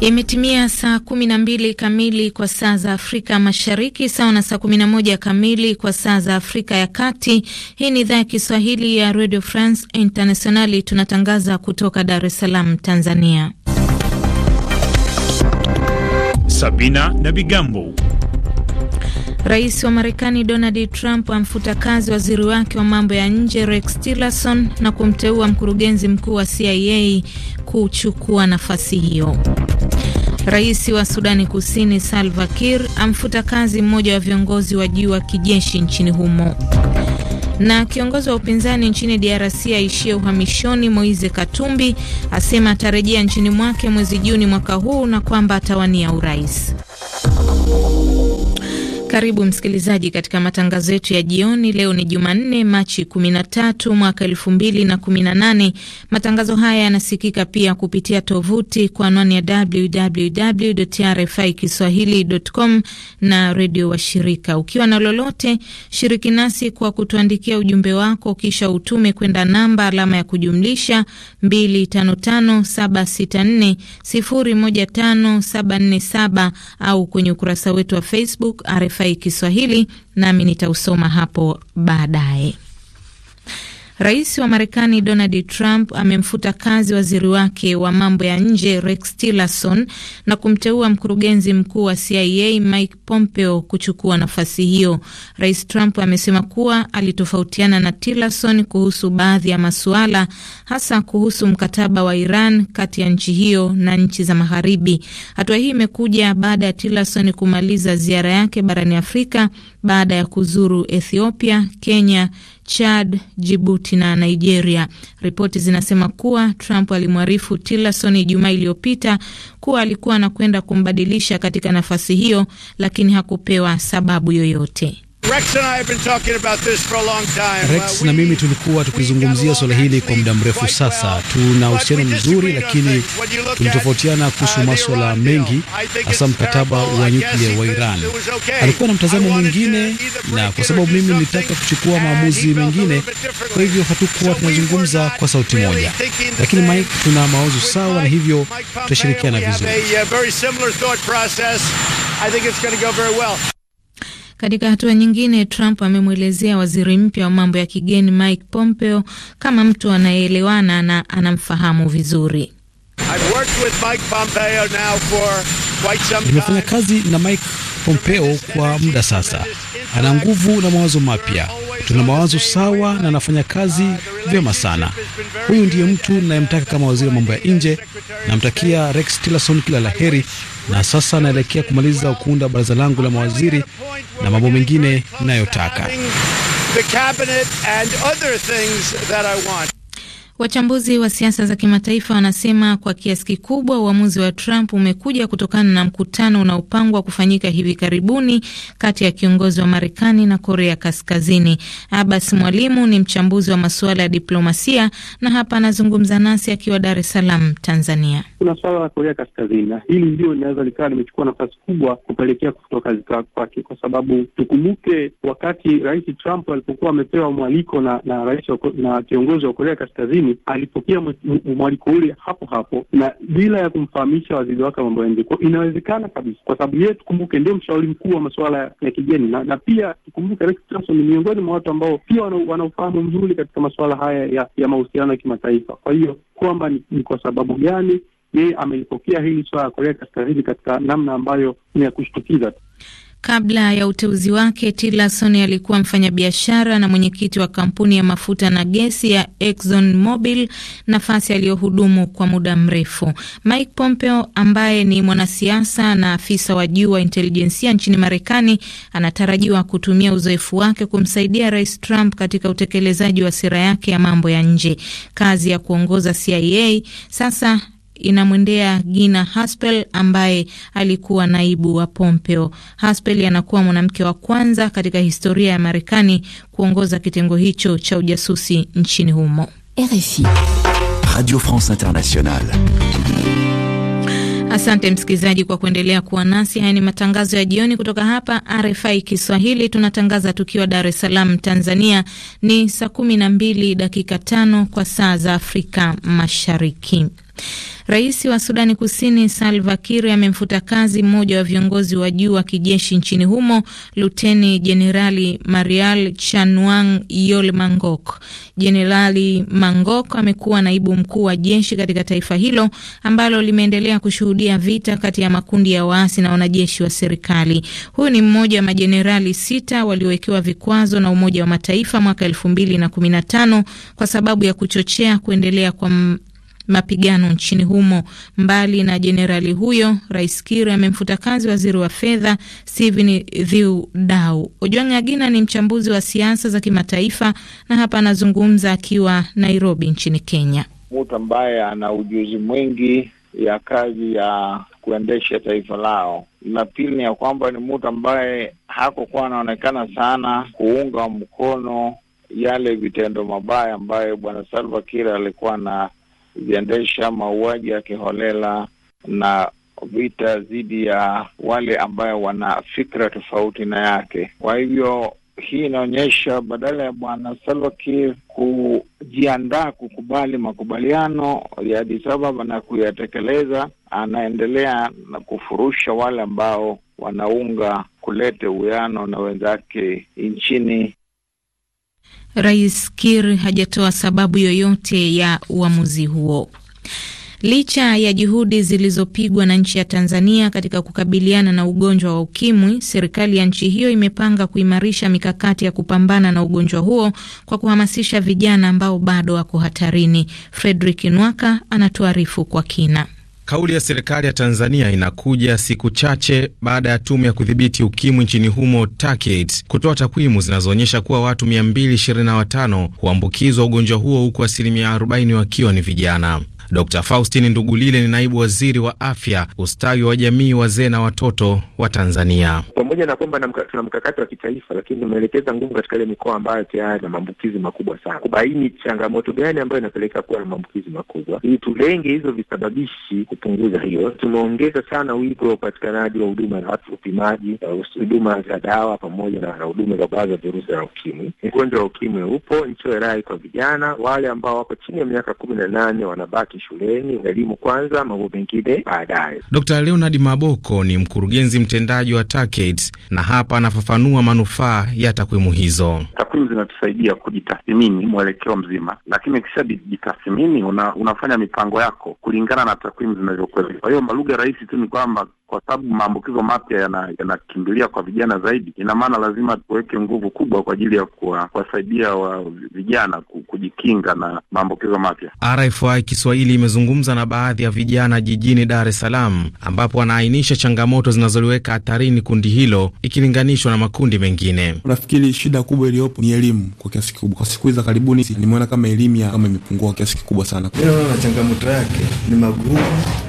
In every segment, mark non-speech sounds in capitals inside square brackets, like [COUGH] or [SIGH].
Imetimia saa 12 kamili kwa saa za Afrika Mashariki, sawa na saa 11 kamili kwa saa za Afrika ya Kati. Hii ni idhaa ya Kiswahili ya Radio France Internationali, tunatangaza kutoka Dar es Salaam, Tanzania. Sabina na Bigambo. Rais wa Marekani Donald Trump amfuta kazi waziri wake wa mambo ya nje Rex Tillerson na kumteua mkurugenzi mkuu wa CIA kuchukua nafasi hiyo. Rais wa Sudani Kusini Salva Kir amfuta kazi mmoja wa viongozi wa juu wa kijeshi nchini humo. Na kiongozi wa upinzani nchini DRC aishie uhamishoni Moise Katumbi asema atarejea nchini mwake mwezi Juni mwaka huu na kwamba atawania urais. Karibu msikilizaji katika matangazo yetu ya jioni. Leo ni Jumanne, Machi 13 mwaka 2018. Matangazo haya yanasikika pia kupitia tovuti kwa anwani ya www RFI kiswahili.com na redio washirika. Ukiwa na lolote, shiriki nasi kwa kutuandikia ujumbe wako, kisha utume kwenda namba alama ya kujumlisha 255764015747 au kwenye ukurasa wetu wa Facebook RFI RFI Kiswahili, nami nitausoma hapo baadaye. Rais wa Marekani Donald Trump amemfuta kazi waziri wake wa mambo ya nje Rex Tillerson na kumteua mkurugenzi mkuu wa CIA Mike Pompeo kuchukua nafasi hiyo. Rais Trump amesema kuwa alitofautiana na Tillerson kuhusu baadhi ya masuala, hasa kuhusu mkataba wa Iran kati ya nchi hiyo na nchi za Magharibi. Hatua hii imekuja baada ya Tillerson kumaliza ziara yake barani Afrika baada ya kuzuru Ethiopia, Kenya, Chad, Jibuti na Nigeria. Ripoti zinasema kuwa Trump alimwarifu Tillerson Ijumaa iliyopita kuwa alikuwa anakwenda kumbadilisha katika nafasi hiyo, lakini hakupewa sababu yoyote. Rex na mimi tulikuwa tukizungumzia swala hili kwa muda mrefu sasa. Tuna uhusiano mzuri, lakini tulitofautiana uh, kuhusu maswala mengi, hasa mkataba wa nyuklia wa Iran. Alikuwa na mtazamo mwingine, na kwa sababu mimi nilitaka kuchukua maamuzi mengine, kwa hivyo hatukuwa tunazungumza kwa sauti moja, lakini Mike, tuna mawazo sawa na hivyo tutashirikiana vizuri. Uh, katika hatua nyingine, Trump amemwelezea waziri mpya wa mambo ya kigeni Mike Pompeo kama mtu anayeelewana na anamfahamu vizuri. Nimefanya kazi na Mike Pompeo kwa muda sasa. Ana nguvu na mawazo mapya, tuna mawazo sawa na anafanya kazi vyema sana. Huyu ndiye mtu ninayemtaka kama waziri wa mambo ya nje. Namtakia Rex Tillerson kila la heri na sasa naelekea kumaliza kuunda baraza langu la mawaziri na mambo mengine ninayotaka. Wachambuzi wa siasa za kimataifa wanasema kwa kiasi kikubwa uamuzi wa Trump umekuja kutokana na mkutano unaopangwa kufanyika hivi karibuni kati ya kiongozi wa Marekani na Korea Kaskazini. Abbas Mwalimu ni mchambuzi wa masuala ya diplomasia na hapa anazungumza nasi akiwa Dar es Salaam, Tanzania. Kuna suala la Korea Kaskazini na hili ndio linaweza likawa limechukua nafasi kubwa kupelekea kufutwa kazi kwake, kwa sababu tukumbuke wakati Rais Trump alipokuwa amepewa mwaliko na na rais na kiongozi wa Korea Kaskazini lakini alipokea mwaliko ule hapo hapo na bila ya kumfahamisha waziri wake mambo ya nje. inawezekana kabisa, kwa sababu yeye tukumbuke, ndio mshauri mkuu wa masuala ya kigeni na, na pia tukumbuke Rex Tillerson ni miongoni mwa watu ambao pia wana ufahamu mzuri katika masuala haya ya, ya mahusiano ya kimataifa. Kwa hiyo kwamba ni, ni kwa sababu gani yeye amelipokea hili swala ya Korea Kaskazini katika namna ambayo ni ya kushtukiza. Kabla ya uteuzi wake, Tillerson alikuwa mfanyabiashara na mwenyekiti wa kampuni ya mafuta na gesi ya Exxon Mobil, nafasi aliyohudumu kwa muda mrefu. Mike Pompeo ambaye ni mwanasiasa na afisa wa juu wa intelijensia nchini Marekani anatarajiwa kutumia uzoefu wake kumsaidia Rais Trump katika utekelezaji wa sera yake ya mambo ya nje. Kazi ya kuongoza CIA sasa inamwendea Gina Haspel ambaye alikuwa naibu wa Pompeo. Haspel anakuwa mwanamke wa kwanza katika historia ya Marekani kuongoza kitengo hicho cha ujasusi nchini humo. RFI, Radio France Internationale. Asante msikilizaji kwa kuendelea kuwa nasi. Haya ni matangazo ya jioni kutoka hapa RFI Kiswahili. Tunatangaza tukiwa Dar es Salaam, Tanzania. Ni saa kumi na mbili dakika tano kwa saa za Afrika Mashariki. Rais wa Sudani Kusini Salva Kiir amemfuta kazi mmoja wa viongozi wa juu wa kijeshi nchini humo, Luteni Jenerali Marial Chanwang Yol Mangok. Jenerali Mangok amekuwa naibu mkuu wa jeshi katika taifa hilo ambalo limeendelea kushuhudia vita kati ya makundi ya waasi na wanajeshi wa serikali. Huyu ni mmoja wa majenerali sita waliowekewa vikwazo na Umoja wa Mataifa mwaka elfu mbili na kumi na tano kwa sababu ya kuchochea kuendelea kwa mapigano nchini humo. Mbali na jenerali huyo, Rais Kiri amemfuta kazi waziri wa fedha Stephen dhiu Dau. Ojwang' Agina ni mchambuzi wa siasa za kimataifa na hapa anazungumza akiwa Nairobi nchini Kenya. Mtu ambaye ana ujuzi mwingi ya kazi ya kuendesha taifa lao. La pili ni ya kwamba ni mtu ambaye hakokuwa anaonekana sana kuunga mkono yale vitendo mabaya ambayo bwana Salva Kiir alikuwa na kuziendesha mauaji ya kiholela na vita dhidi ya wale ambayo wana fikra tofauti na yake. Kwa hivyo hii inaonyesha badala ya bwana Salva Kiir kujiandaa kukubali makubaliano ya Addis Ababa na kuyatekeleza, anaendelea na kufurusha wale ambao wanaunga kulete uwiano na wenzake nchini Rais Kir hajatoa sababu yoyote ya uamuzi huo. Licha ya juhudi zilizopigwa na nchi ya Tanzania katika kukabiliana na ugonjwa wa ukimwi, serikali ya nchi hiyo imepanga kuimarisha mikakati ya kupambana na ugonjwa huo kwa kuhamasisha vijana ambao bado wako hatarini. Fredrik Nwaka anatuarifu kwa kina. Kauli ya serikali ya Tanzania inakuja siku chache baada ya tume ya kudhibiti ukimwi nchini humo TACAIDS kutoa takwimu zinazoonyesha kuwa watu 225 huambukizwa ugonjwa huo huku asilimia 40 wakiwa ni vijana. Dr Faustin Ndugulile ni naibu waziri wa afya, ustawi wa jamii, wazee na watoto wa Tanzania. Pamoja na kwamba tuna mkakati wa kitaifa, lakini tumeelekeza nguvu katika ile mikoa ambayo tayari na maambukizi makubwa sana, kubaini changamoto gani ambayo inapelekea kuwa na maambukizi makubwa, ili tulenge hizo visababishi, kupunguza hiyo. Tumeongeza sana wigo wa upatikanaji wa huduma za upimaji, huduma za dawa pamoja na huduma za baadhi ya virusi vya ukimwi. Ugonjwa wa ukimwi upo rai kwa vijana wale ambao wako chini ya miaka kumi na nane wanabaki hawashiriki shuleni, elimu kwanza, mambo mengine baadaye. Dr. Leonard Maboko ni mkurugenzi mtendaji wa TACAIDS na hapa anafafanua manufaa ya takwimu hizo. Takwimu zinatusaidia kujitathmini mwelekeo mzima, lakini ukishajitathmini una, unafanya mipango yako kulingana na takwimu zinavyokueleza. Kwa hiyo lugha rahisi tu ni kwamba kwa sababu maambukizo mapya yanakimbilia yana kwa vijana zaidi, ina maana lazima tuweke nguvu kubwa kwa ajili ya kuwasaidia wa vijana kujikinga na maambukizo mapya. RFI Kiswahili imezungumza na baadhi ya vijana jijini Dar es Salaam, ambapo wanaainisha changamoto zinazoliweka hatarini kundi hilo ikilinganishwa na makundi mengine. Nafikiri shida kubwa iliyopo ni elimu kwa kiasi kikubwa. Kwa siku za karibuni nimeona kama elimu ya kama imepungua kiasi kikubwa sana. Naona changamoto yake ni magumu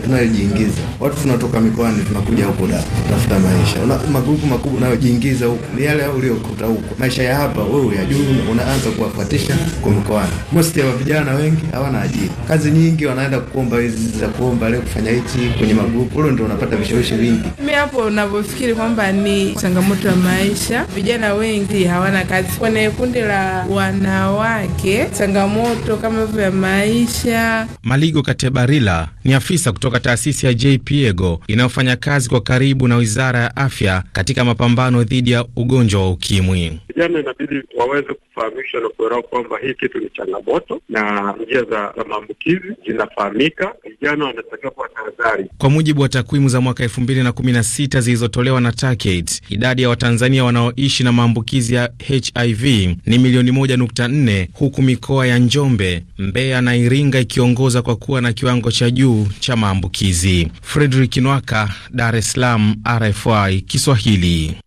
yanayojiingiza, watu tunatoka mikoani tunakuja huko da kutafuta maisha, una magrupu makubwa unayojiingiza huko, yale uliokuta huko, maisha ya hapa wewe uyajui, unaanza kuwafuatisha kwa mkoani. Most ya vijana wengi hawana ajira, kazi nyingi wanaenda kuomba hizi za kuomba leo kufanya hichi kwenye magrupu, hilo ndio unapata vishawishi vingi. Mimi hapo ninavyofikiri kwamba ni changamoto ya maisha, vijana wengi hawana kazi. Kwenye kundi la wanawake, changamoto kama hivyo ya maisha. Maligo Katebarila ni afisa kutoka taasisi ya JPEGO inayofanya kazi kwa karibu na Wizara ya Afya katika mapambano dhidi ya ugonjwa wa ukimwi. Vijana inabidi waweze kufahamishwa na kuelewa kwamba hii kitu ni changamoto na njia za, za maambukizi zinafahamika. Vijana wanatakiwa kuwa tahadhari. Kwa mujibu wa takwimu za mwaka elfu mbili na kumi na sita zilizotolewa na TACAID, idadi ya Watanzania wanaoishi na maambukizi ya HIV ni milioni moja nukta nne huku mikoa ya Njombe, Mbeya na Iringa ikiongoza kwa kuwa na kiwango cha juu cha maambukizi. Fredrick Nwaka, Dar es Salaam, RFI Kiswahili.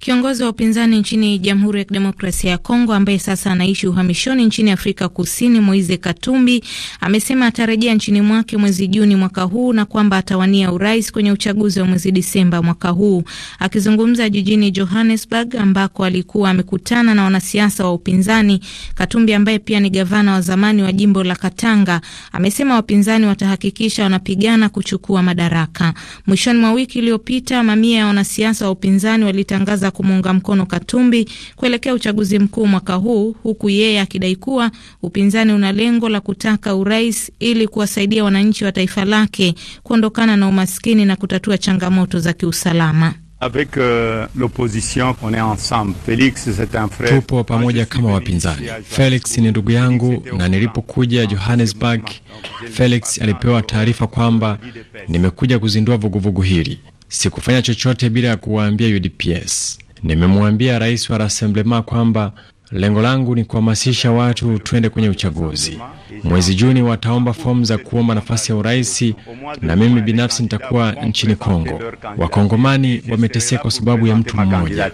Kiongozi wa upinzani nchini Jamhuri ya Kidemokrasia ya Kongo ambaye sasa anaishi uhamishoni nchini Afrika Kusini, Moise Katumbi amesema atarejea nchini mwake mwezi Juni mwaka huu na kwamba atawania urais kwenye uchaguzi wa mwezi Disemba mwaka huu. Akizungumza jijini Johannesburg ambako alikuwa amekutana na wanasiasa wa upinzani, Katumbi ambaye pia ni gavana wa zamani wa jimbo la Katanga amesema wapinzani watahakikisha wanapigana kuchukua madaraka. Mwishoni mwa wiki iliyopita, mamia ya wanasiasa wa upinzani walitangaza za kumuunga mkono Katumbi kuelekea uchaguzi mkuu mwaka huu, huku yeye akidai kuwa upinzani una lengo la kutaka urais ili kuwasaidia wananchi wa taifa lake kuondokana na umaskini na kutatua changamoto za kiusalama. Avec, uh, on est ensemble. Felix, un frère. Tupo pamoja kama wapinzani. Felix ni ndugu yangu na nilipokuja Johannesburg, Felix alipewa taarifa kwamba nimekuja kuzindua vuguvugu hili sikufanya chochote bila ya kuwaambia UDPS. Nimemwambia rais wa Rassemblement kwamba lengo langu ni kuhamasisha watu twende kwenye uchaguzi. Mwezi Juni wataomba fomu za kuomba nafasi ya urais, na mimi binafsi nitakuwa nchini Kongo. Wakongomani wameteseka kwa sababu ya mtu mmoja.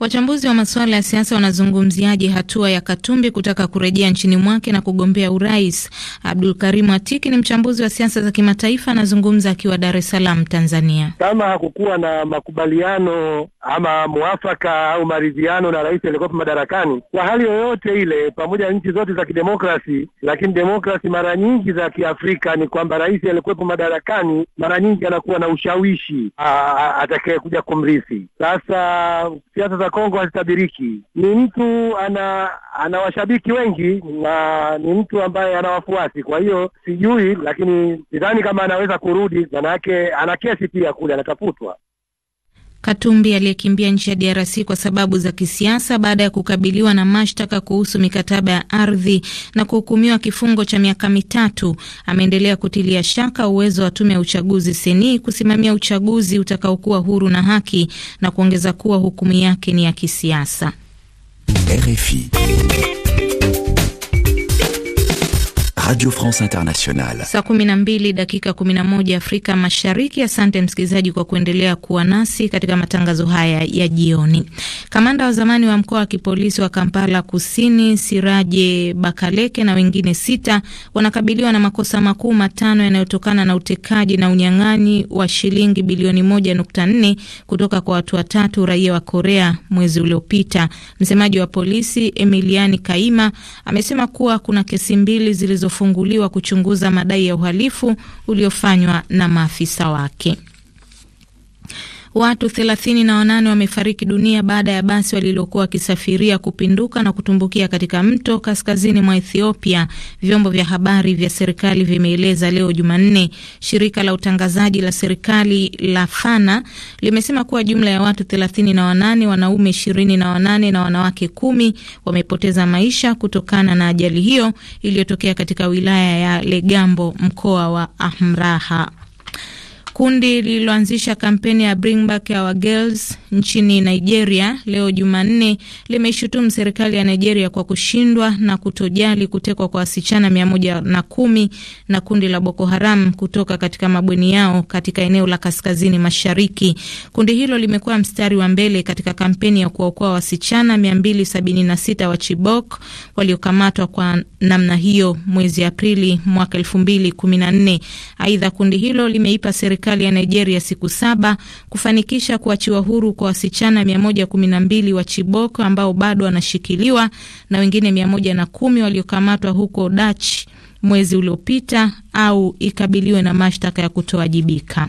Wachambuzi wa masuala ya siasa wanazungumziaje hatua ya Katumbi kutaka kurejea nchini mwake na kugombea urais? Abdul Karimu Atiki ni mchambuzi wa siasa za kimataifa, anazungumza akiwa Dar es Salaam, Tanzania. Kama hakukuwa na makubaliano ama mwafaka au maridhiano na rais aliyekuwa madarakani, kwa hali yoyote ile, pamoja na nchi zote za kidemokrasi, lakini demokrasi mara nyingi za Kiafrika ni kwamba rais aliyekuwepo madarakani mara nyingi anakuwa na ushawishi atakayekuja kumrithi. Sasa siasa za Kongo hazitabiriki. Ni mtu ana ana washabiki wengi na ni mtu ambaye ana wafuasi, kwa hiyo sijui, lakini sidhani kama anaweza kurudi, maana ana kesi pia kule anatafutwa. Katumbi aliyekimbia nchi ya DRC kwa sababu za kisiasa baada ya kukabiliwa na mashtaka kuhusu mikataba ya ardhi na kuhukumiwa kifungo cha miaka mitatu, ameendelea kutilia shaka uwezo wa tume ya uchaguzi seni kusimamia uchaguzi utakaokuwa huru na haki na kuongeza kuwa hukumu yake ni ya kisiasa. RFI. Radio France Internationale. Saa 12 dakika 11 Afrika Mashariki. Asante msikilizaji kwa kuendelea kuwa nasi katika matangazo haya ya jioni. Kamanda wa zamani wa mkoa wa kipolisi wa Kampala Kusini Siraje Bakaleke na wengine sita wanakabiliwa na makosa makuu matano yanayotokana na utekaji na unyang'anyi wa shilingi bilioni 1.4 kutoka kwa watu watatu raia wa Korea mwezi uliopita. Msemaji wa polisi Emiliani Kaima amesema kuwa kuna kesi mbili zilizo kufunguliwa kuchunguza madai ya uhalifu uliofanywa na maafisa wake. Watu 38 wamefariki dunia baada ya basi walilokuwa wakisafiria kupinduka na kutumbukia katika mto kaskazini mwa Ethiopia, vyombo vya habari vya serikali vimeeleza leo Jumanne. Shirika la utangazaji la serikali la Fana limesema kuwa jumla ya watu 38, wanaume 28 na wanawake kumi wamepoteza maisha kutokana na ajali hiyo iliyotokea katika wilaya ya Legambo, mkoa wa Amhara. Kundi lililoanzisha kampeni ya Bring Back Our Girls nchini Nigeria leo Jumanne limeshutumu serikali ya Nigeria kwa kushindwa na kutojali kutekwa kwa wasichana mia moja na kumi na kundi la Boko Haram kutoka katika mabweni yao katika eneo la kaskazini mashariki. Kundi hilo limekuwa mstari wa mbele katika kampeni ya kuwaokoa wasichana 276 wa Chibok waliokamatwa kwa namna hiyo mwezi Aprili mwaka 2014. Aidha, kundi hilo limeipa serikali serikali ya Nigeria siku saba kufanikisha kuachiwa huru kwa wasichana 112 wa Chibok ambao bado wanashikiliwa na wengine 110 waliokamatwa huko dachi mwezi uliopita au ikabiliwe na mashtaka ya kutowajibika.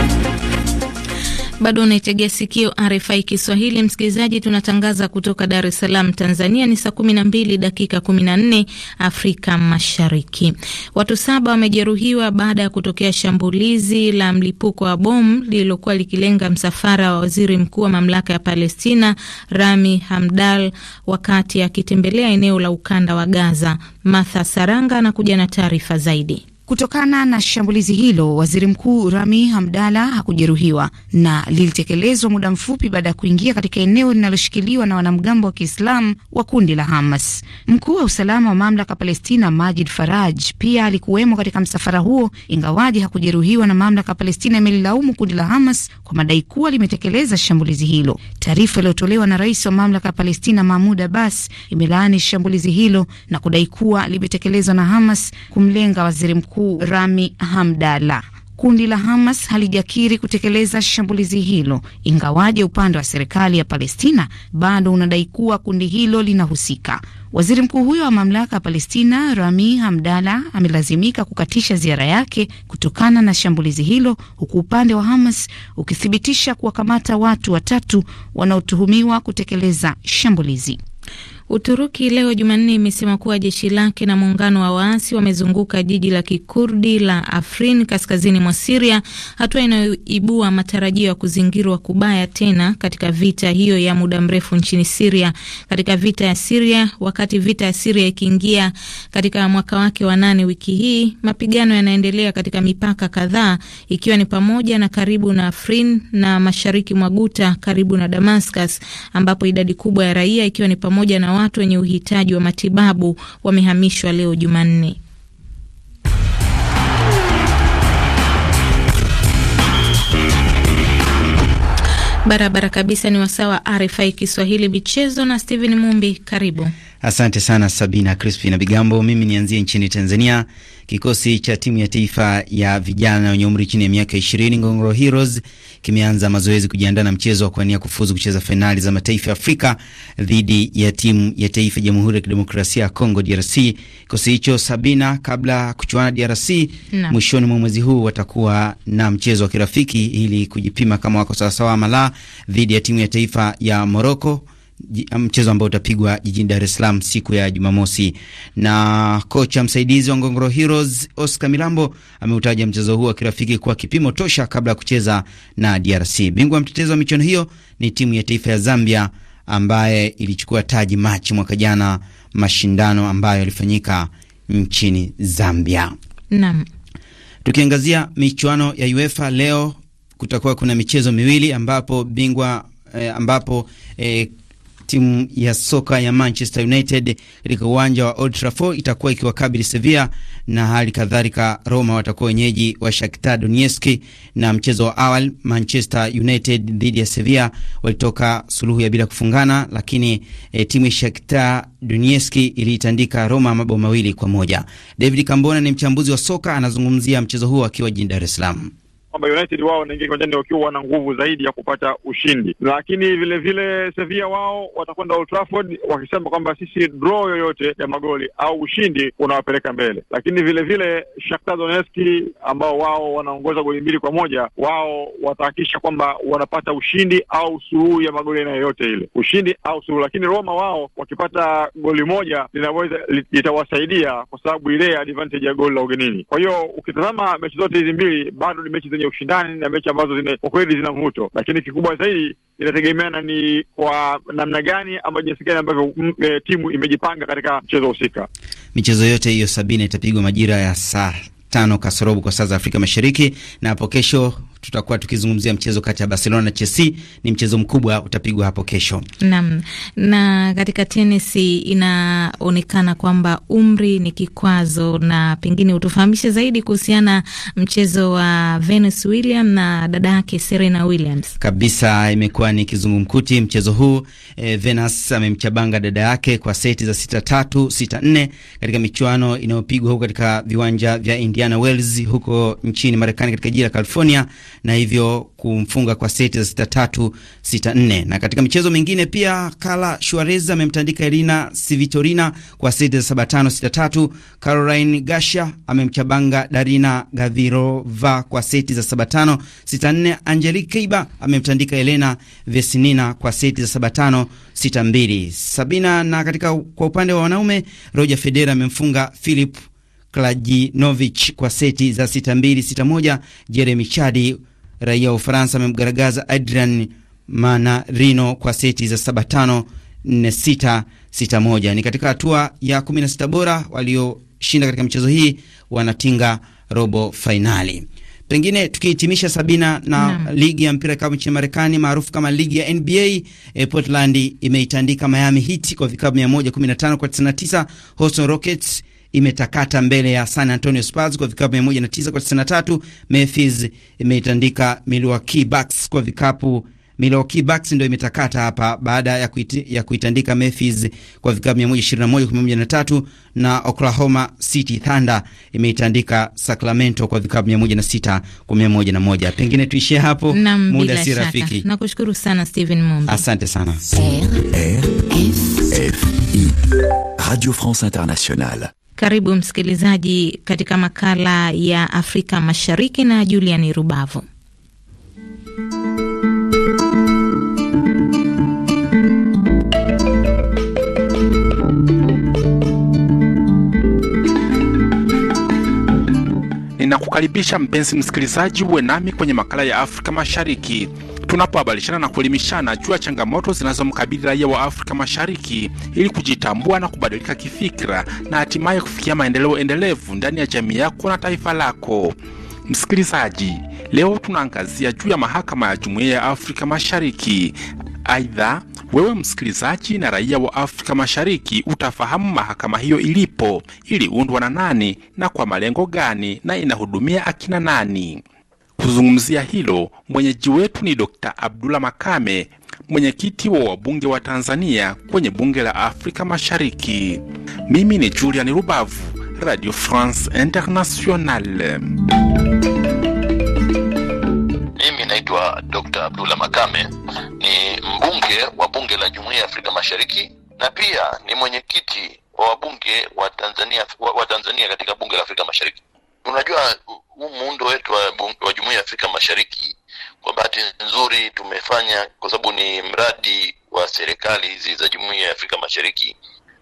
Bado unaitegea sikio RFI Kiswahili, msikilizaji. Tunatangaza kutoka Dar es Salaam, Tanzania. Ni saa kumi na mbili dakika kumi na nne Afrika Mashariki. Watu saba wamejeruhiwa baada ya kutokea shambulizi la mlipuko wa bomu lililokuwa likilenga msafara wa waziri mkuu wa mamlaka ya Palestina Rami Hamdal wakati akitembelea eneo la ukanda wa Gaza. Martha Saranga anakuja na taarifa zaidi. Kutokana na shambulizi hilo, waziri mkuu Rami Hamdala hakujeruhiwa na lilitekelezwa muda mfupi baada ya kuingia katika eneo linaloshikiliwa na wanamgambo wa Kiislamu wa kundi la Hamas. Mkuu wa usalama wa mamlaka Palestina Majid Faraj pia alikuwemo katika msafara huo, ingawaji hakujeruhiwa. Na mamlaka ya Palestina imelilaumu kundi la Hamas kwa madai kuwa limetekeleza shambulizi hilo. Taarifa iliyotolewa na rais wa mamlaka ya Palestina Mahmud Abbas imelaani shambulizi hilo na kudai kuwa limetekelezwa na Hamas kumlenga waziri mkuu mkuu Rami Hamdala. Kundi la Hamas halijakiri kutekeleza shambulizi hilo, ingawaje upande wa serikali ya Palestina bado unadai kuwa kundi hilo linahusika. Waziri mkuu huyo wa mamlaka ya Palestina, Rami Hamdala, amelazimika kukatisha ziara yake kutokana na shambulizi hilo, huku upande wa Hamas ukithibitisha kuwakamata watu watatu wanaotuhumiwa kutekeleza shambulizi. Uturuki leo Jumanne imesema kuwa jeshi lake na muungano wa waasi wamezunguka jiji la kikurdi la Afrin kaskazini mwa Siria, hatua inayoibua matarajio ya kuzingirwa kubaya tena katika vita hiyo ya muda mrefu nchini Siria. Katika vita ya Siria, wakati vita ya Siria ikiingia katika mwaka wake wa nane wiki hii, mapigano yanaendelea katika mipaka kadhaa, ikiwa ni pamoja na karibu na Afrin na mashariki mwa Guta karibu na Damascus, ambapo idadi kubwa ya raia ikiwa ni pamoja na watu wenye uhitaji wa matibabu wamehamishwa leo Jumanne. Barabara kabisa ni wasaa wa RFI Kiswahili michezo na Steven Mumbi, karibu. Asante sana Sabina Crispi na Bigambo. Mimi nianzie nchini Tanzania. Kikosi cha timu ya taifa ya vijana wenye umri chini ya miaka ishirini Ngongoro Heroes kimeanza mazoezi kujiandaa na mchezo wa kuania kufuzu kucheza fainali za mataifa ya Afrika dhidi ya timu ya taifa ya Jamhuri ya Kidemokrasia ya Kongo, DRC. Kikosi hicho Sabina, kabla kuchuana DRC mwishoni mwa mwezi huu, watakuwa na mchezo wa kirafiki ili kujipima kama wako sawasawa malaa dhidi ya timu ya taifa ya Moroko. Um, mchezo ambao utapigwa jijini Dar es Salaam siku ya Jumamosi. Na kocha msaidizi wa Ngongoro Heroes Oscar Milambo ameutaja mchezo huo wa kirafiki kuwa kipimo tosha kabla ya kucheza na DRC. Bingwa mtetezi wa michuano hiyo ni timu ya taifa ya Zambia ambaye ilichukua taji Machi mwaka jana, mashindano ambayo yalifanyika nchini Zambia. Naam. Tukiangazia michuano ya UEFA leo kutakuwa kuna michezo miwili ambapo bingwa eh, ambapo eh, timu ya soka ya Manchester United katika uwanja wa Old Trafford itakuwa ikiwakabili Sevilla na hali kadhalika Roma watakuwa wenyeji wa Shakhtar Donetsk. Na mchezo wa awali Manchester United dhidi ya Sevilla walitoka suluhu ya bila kufungana, lakini e, timu ya Shakhtar Donetsk iliitandika Roma mabao mawili kwa moja. David Kambona ni mchambuzi wa soka, anazungumzia mchezo huo akiwa jijini Dar es Salaam kwamba United wao wanaingia kiwanjani wakiwa wana nguvu zaidi ya kupata ushindi, lakini vile vile Sevilla wao watakwenda Old Trafford wakisema kwamba sisi draw yoyote ya magoli au ushindi unawapeleka mbele, lakini vile vile Shakhtar Donetsk ambao wao wanaongoza goli mbili kwa moja wao watahakikisha kwamba wanapata ushindi au suluhu ya magoli aina yoyote ile, ushindi au suluhu. Lakini Roma wao wakipata goli moja linaweza litawasaidia kwa sababu ile advantage ya goli la ugenini. Kwa hiyo ukitazama mechi zote hizi mbili bado ni mechi zenye ushindani na mechi ambazo kwa kweli zina mvuto, lakini kikubwa zaidi inategemeana ni kwa namna gani ama jinsi gani ambavyo mm, e, timu imejipanga katika mchezo husika. Michezo yote hiyo sabini itapigwa majira ya saa tano kasorobu kwa saa za Afrika Mashariki, na hapo kesho tutakuwa tukizungumzia mchezo kati ya Barcelona na Chelsea. Ni mchezo mkubwa, utapigwa hapo kesho. Naam. Na katika tenisi inaonekana kwamba umri ni kikwazo, na pengine utufahamishe zaidi kuhusiana mchezo wa Venus Williams na dada yake Serena Williams. Kabisa, imekuwa ni kizungumkuti mchezo huu. E, Venus amemchabanga dada yake kwa seti za sita tatu sita nne katika michuano inayopigwa huko katika viwanja vya Indiana Wells huko nchini Marekani katika jiji la California na hivyo kumfunga kwa seti za sita tatu sita nne. Na katika michezo mingine pia kala shuarez amemtandika Elina sivitorina kwa seti za saba tano sita tatu. Caroline Gasha amemchabanga Darina Gavirova kwa seti za saba tano sita nne. Angelique Kiba amemtandika Elena Vesinina kwa seti za saba tano sita mbili. Sabina. Na katika kwa upande wa wanaume Roger Federer amemfunga Philip Klajinovic kwa seti za 6-2, 6-1. Jeremy Chadi raia wa Ufaransa amemgaragaza Adrian Manarino kwa seti za 7-5, 4-6, 6-1. Ni katika hatua ya 16 bora walioshinda katika michezo hii wanatinga robo fainali. Pengine tukihitimisha Sabina na na ligi ya mpira kikapu nchini Marekani maarufu kama ligi ya NBA. Eh, Portland imeitandika Miami Heat kwa vikapu 115 kwa 99. Houston Rockets imetakata mbele ya San Antonio Spurs kwa vikapu 109 kwa 93. Memphis imeitandika Milwaukee Bucks kwa vikapu Milwaukee Bucks ndio imetakata hapa baada ya, kuit, ya kuitandika Memphis kwa vikapu 121 kwa 103, na Oklahoma City Thunder imeitandika Sacramento kwa vikapu 106 kwa 101. Pengine tuishie hapo, muda si rafiki. Nakushukuru sana Steven Mumbi, asante sana. RFI Radio France Internationale. Karibu msikilizaji katika makala ya Afrika Mashariki na Juliani Rubavu. Ninakukaribisha mpenzi msikilizaji, uwe nami kwenye makala ya Afrika Mashariki tunapohabarishana na kuelimishana juu ya changamoto zinazomkabili raia wa Afrika Mashariki ili kujitambua na kubadilika kifikra na hatimaye kufikia maendeleo endelevu ndani ya jamii yako na taifa lako. Msikilizaji, leo tunaangazia juu ya mahakama ya Jumuiya ya Afrika Mashariki. Aidha, wewe msikilizaji na raia wa Afrika Mashariki utafahamu mahakama hiyo ilipo, iliundwa na nani na kwa malengo gani, na inahudumia akina nani. Kuzungumzia hilo mwenyeji wetu ni Dr. Abdullah Makame, mwenyekiti wa wabunge wa Tanzania kwenye bunge la Afrika Mashariki. Mimi ni Julian Rubavu, Radio France Internationale. Mimi naitwa Dr. Abdullah Makame, ni mbunge wa bunge la Jumuiya ya Afrika Mashariki na pia ni mwenyekiti wa wabunge wa Tanzania, wa Tanzania katika bunge la Afrika Mashariki unajua huu muundo wetu wa, wa ya Afrika Mashariki kwa bahati nzuri tumefanya kwa sababu ni mradi wa serikali hizi za jumuia ya Afrika Mashariki,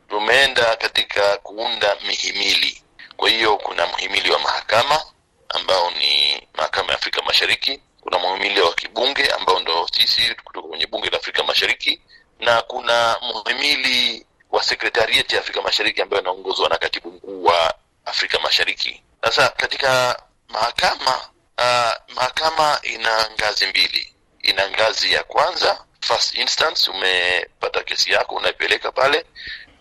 tumeenda katika kuunda mihimili. Kwa hiyo kuna mhimili wa mahakama ambao ni mahakama ya Afrika Mashariki, kuna mhimili wa kibunge ambao ndo sisi kutoka kwenye bunge la Afrika Mashariki, na kuna mhimili wa sekretarieti ya Afrika Mashariki ambayo inaongozwa na katibu mkuu wa Afrika Mashariki sasa katika mahakama uh, mahakama ina ngazi mbili. Ina ngazi ya kwanza first instance, umepata kesi yako unaipeleka pale,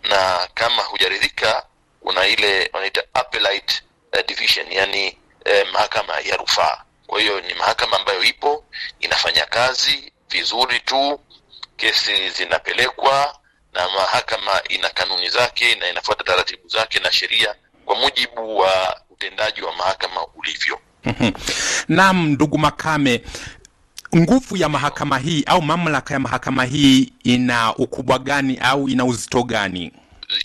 na kama hujaridhika kuna ile wanaita appellate uh, division, yani eh, mahakama ya rufaa. Kwa hiyo ni mahakama ambayo ipo inafanya kazi vizuri tu, kesi zinapelekwa na mahakama ina kanuni zake na inafuata taratibu zake na sheria kwa mujibu wa utendaji wa mahakama ulivyo. Mhm. Naam, ndugu Makame, nguvu ya mahakama hii au mamlaka ya mahakama hii ina ukubwa gani au ina uzito gani?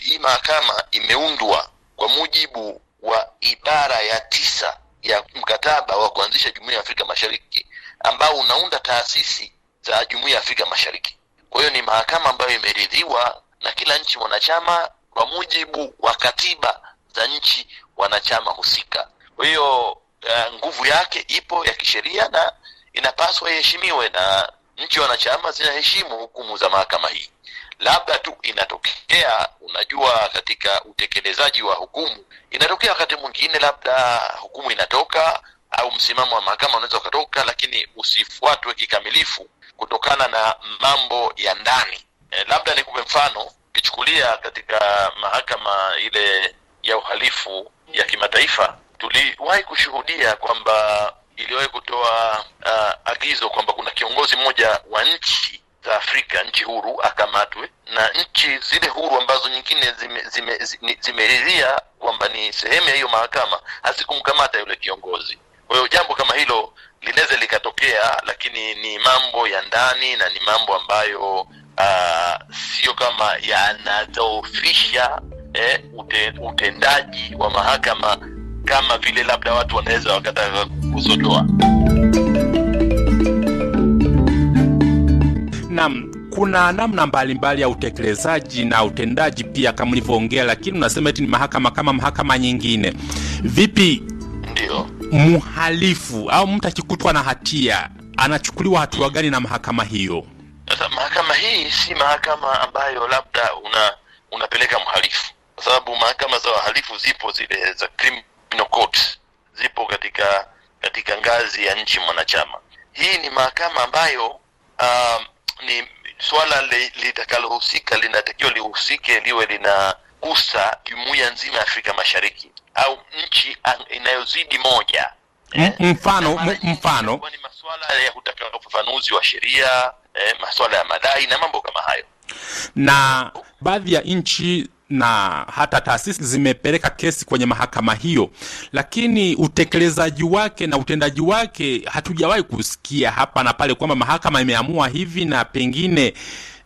Hii mahakama imeundwa kwa mujibu wa ibara ya tisa ya mkataba wa kuanzisha Jumuiya ya Afrika Mashariki ambao unaunda taasisi za Jumuiya ya Afrika Mashariki. Kwa hiyo ni mahakama ambayo imeridhiwa na kila nchi mwanachama kwa mujibu wa katiba za nchi wanachama husika. Kwa hiyo uh, nguvu yake ipo ya kisheria na inapaswa iheshimiwe, na nchi wanachama zinaheshimu hukumu za mahakama hii. Labda tu inatokea, unajua, katika utekelezaji wa hukumu inatokea wakati mwingine, labda hukumu inatoka au msimamo wa mahakama unaweza ukatoka, lakini usifuatwe kikamilifu kutokana na mambo ya ndani. E, labda nikupe mfano, ukichukulia katika mahakama ile ya uhalifu ya kimataifa, tuliwahi kushuhudia kwamba iliwahi kutoa uh, agizo kwamba kuna kiongozi mmoja wa nchi za Afrika, nchi huru akamatwe, na nchi zile huru ambazo nyingine zimeridhia zime, zime, zime kwamba ni sehemu ya hiyo mahakama hazikumkamata yule kiongozi. Kwa hiyo jambo kama hilo linaweza likatokea, lakini ni mambo ya ndani na ni mambo ambayo uh, sio kama yanadhoofisha eh, utendaji wa mahakama kama vile labda watu wanaweza wakataka kuzodoa. nam kuna namna mbalimbali ya utekelezaji na utendaji pia, kama ulivyoongea, lakini unasema eti ni mahakama kama mahakama nyingine. Vipi ndio mhalifu au mtu akikutwa na hatia anachukuliwa hatua gani na mahakama hiyo? Sasa mahakama hii si mahakama ambayo labda una unapeleka mhalifu halifu zipo zile za criminal court, zipo katika katika ngazi ya nchi mwanachama. Hii ni mahakama ambayo uh, ni swala litakalohusika li linatakiwa lihusike liwe linagusa jumuiya nzima ya Afrika Mashariki au nchi inayozidi moja. M eh? mfano mfano ni masuala ya kutaka ufafanuzi wa sheria eh, masuala ya madai na mambo kama hayo na baadhi ya nchi na hata taasisi zimepeleka kesi kwenye mahakama hiyo, lakini utekelezaji wake na utendaji wake hatujawahi kusikia hapa na pale kwamba mahakama imeamua hivi na pengine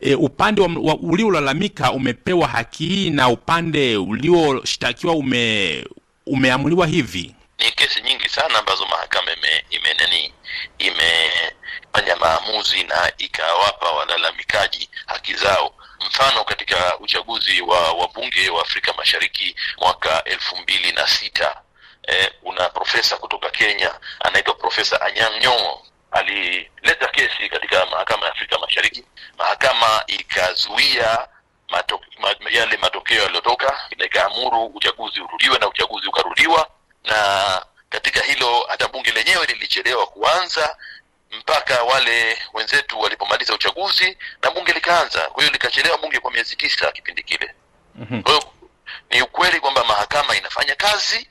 E, upande wa, wa, uliolalamika umepewa haki hii na upande ulioshtakiwa ume, umeamuliwa hivi. Ni kesi nyingi sana ambazo mahakama ime, ime nani imefanya maamuzi na ikawapa walalamikaji haki zao Mfano, katika uchaguzi wa wabunge wa Afrika Mashariki mwaka elfu mbili na sita eh, kuna profesa kutoka Kenya anaitwa Profesa Anyang' Nyong'o alileta kesi katika mahakama ya Afrika Mashariki. Mahakama ikazuia mato, yale matokeo yaliyotoka na ikaamuru uchaguzi urudiwe na uchaguzi ukarudiwa, na katika hilo hata bunge lenyewe lilichelewa kuanza mpaka wale wenzetu walipomaliza uchaguzi na bunge likaanza. Kwa hiyo likachelewa bunge kwa miezi tisa kipindi kile. Mhm. Kwa hiyo ni ukweli kwamba mahakama inafanya kazi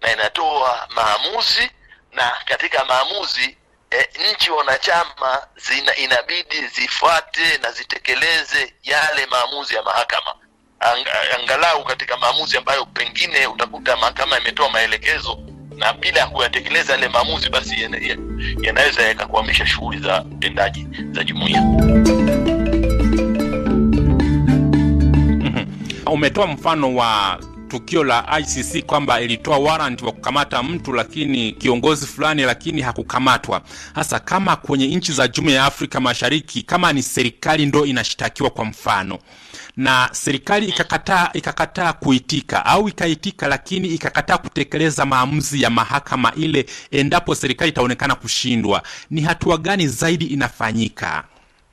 na inatoa maamuzi, na katika maamuzi e, nchi wanachama zina inabidi zifuate na zitekeleze yale maamuzi ya mahakama Ang, angalau katika maamuzi ambayo pengine utakuta mahakama imetoa maelekezo na bila ya kuyatekeleza yale maamuzi basi yanaweza yakakwamisha shughuli za utendaji za jumuiya [LAUGHS] umetoa mfano wa tukio la ICC kwamba ilitoa warrant wa kukamata mtu lakini kiongozi fulani lakini hakukamatwa. Hasa kama kwenye nchi za Jumuiya ya Afrika Mashariki, kama ni serikali ndo inashtakiwa kwa mfano, na serikali ikakataa ikakataa kuitika au ikaitika, lakini ikakataa kutekeleza maamuzi ya mahakama ile endapo serikali itaonekana kushindwa, ni hatua gani zaidi inafanyika?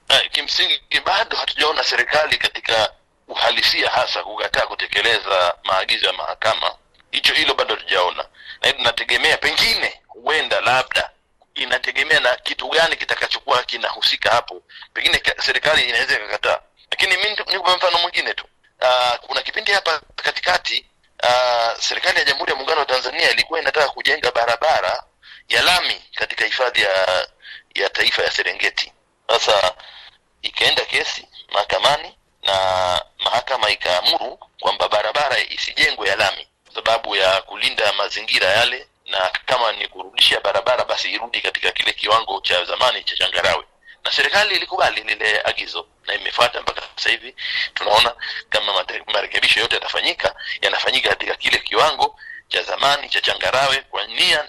Eh, kimsingi bado hatujaona serikali katika uhalisia hasa kukataa kutekeleza maagizo ya mahakama. Hicho hilo bado hatujaona, na tunategemea pengine, huenda, labda inategemea na kitu gani kitakachokuwa kinahusika hapo. Pengine serikali inaweza ikakataa lakini mi nikupe mfano mwingine tu. Uh, kuna kipindi hapa katikati uh, serikali ya Jamhuri ya Muungano wa Tanzania ilikuwa inataka kujenga barabara ya lami katika hifadhi ya ya taifa ya Serengeti. Sasa ikaenda kesi mahakamani na mahakama ikaamuru kwamba barabara isijengwe ya lami kwa sababu ya kulinda mazingira yale, na kama ni kurudisha barabara basi irudi katika kile kiwango cha zamani cha changarawe na serikali ilikubali lile agizo na imefuata mpaka sasa hivi. Tunaona kama marekebisho yote yatafanyika, yanafanyika katika kile kiwango cha zamani cha changarawe kwa nia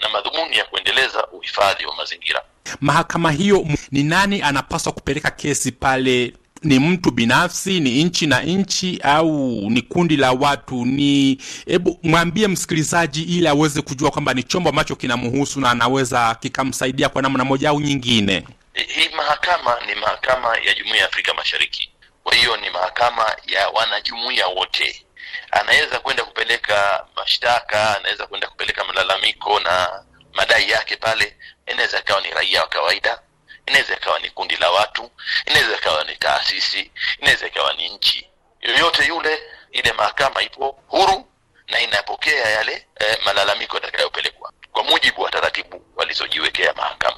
na madhumuni ya kuendeleza uhifadhi wa mazingira. Mahakama hiyo ni nani anapaswa kupeleka kesi pale? Ni mtu binafsi? Ni nchi na nchi, au ni kundi la watu? Ni hebu mwambie msikilizaji, ili aweze kujua kwamba ni chombo ambacho kinamhusu na anaweza kikamsaidia kwa namna moja au nyingine hii mahakama ni mahakama ya Jumuiya ya Afrika Mashariki, kwa hiyo ni mahakama ya wanajumuiya wote. Anaweza kwenda kupeleka mashtaka, anaweza kwenda kupeleka malalamiko na madai yake pale. Inaweza ikawa ni raia wa kawaida, inaweza ikawa ni kundi la watu, inaweza ikawa ni taasisi, inaweza ikawa ni nchi yoyote yule. Ile mahakama ipo huru na inapokea yale eh, malalamiko atakayopelekwa kwa mujibu wa taratibu walizojiwekea mahakama.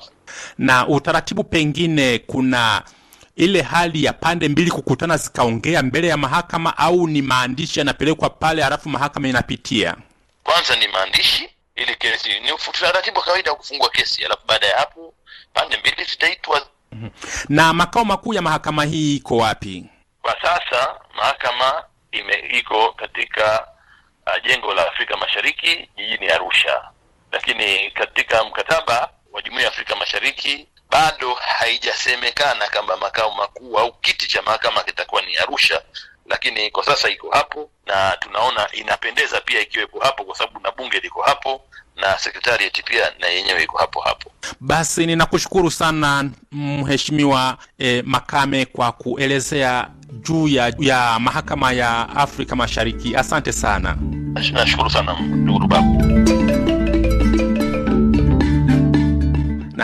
Na utaratibu pengine kuna ile hali ya pande mbili kukutana zikaongea mbele ya mahakama, au ni maandishi yanapelekwa pale halafu mahakama inapitia? Kwanza ni maandishi ili kesi ni utaratibu wa kawaida wa kufungua kesi, alafu baada ya hapo pande mbili zitaitwa. Mhm. Na makao makuu ya mahakama hii iko wapi kwa sasa? Mahakama ime- iko katika uh, jengo la Afrika Mashariki jijini Arusha lakini katika mkataba wa Jumuiya ya Afrika Mashariki bado haijasemekana kwamba makao makuu au kiti cha mahakama kitakuwa ni Arusha, lakini kwa sasa iko hapo na tunaona inapendeza pia ikiwepo hapo, kwa sababu na bunge liko hapo na sekretarieti pia na yenyewe iko hapo hapo. Basi ninakushukuru sana Mheshimiwa eh, Makame kwa kuelezea juu ya, ya mahakama ya Afrika Mashariki. Asante sana, nashukuru sana ndugu rubabu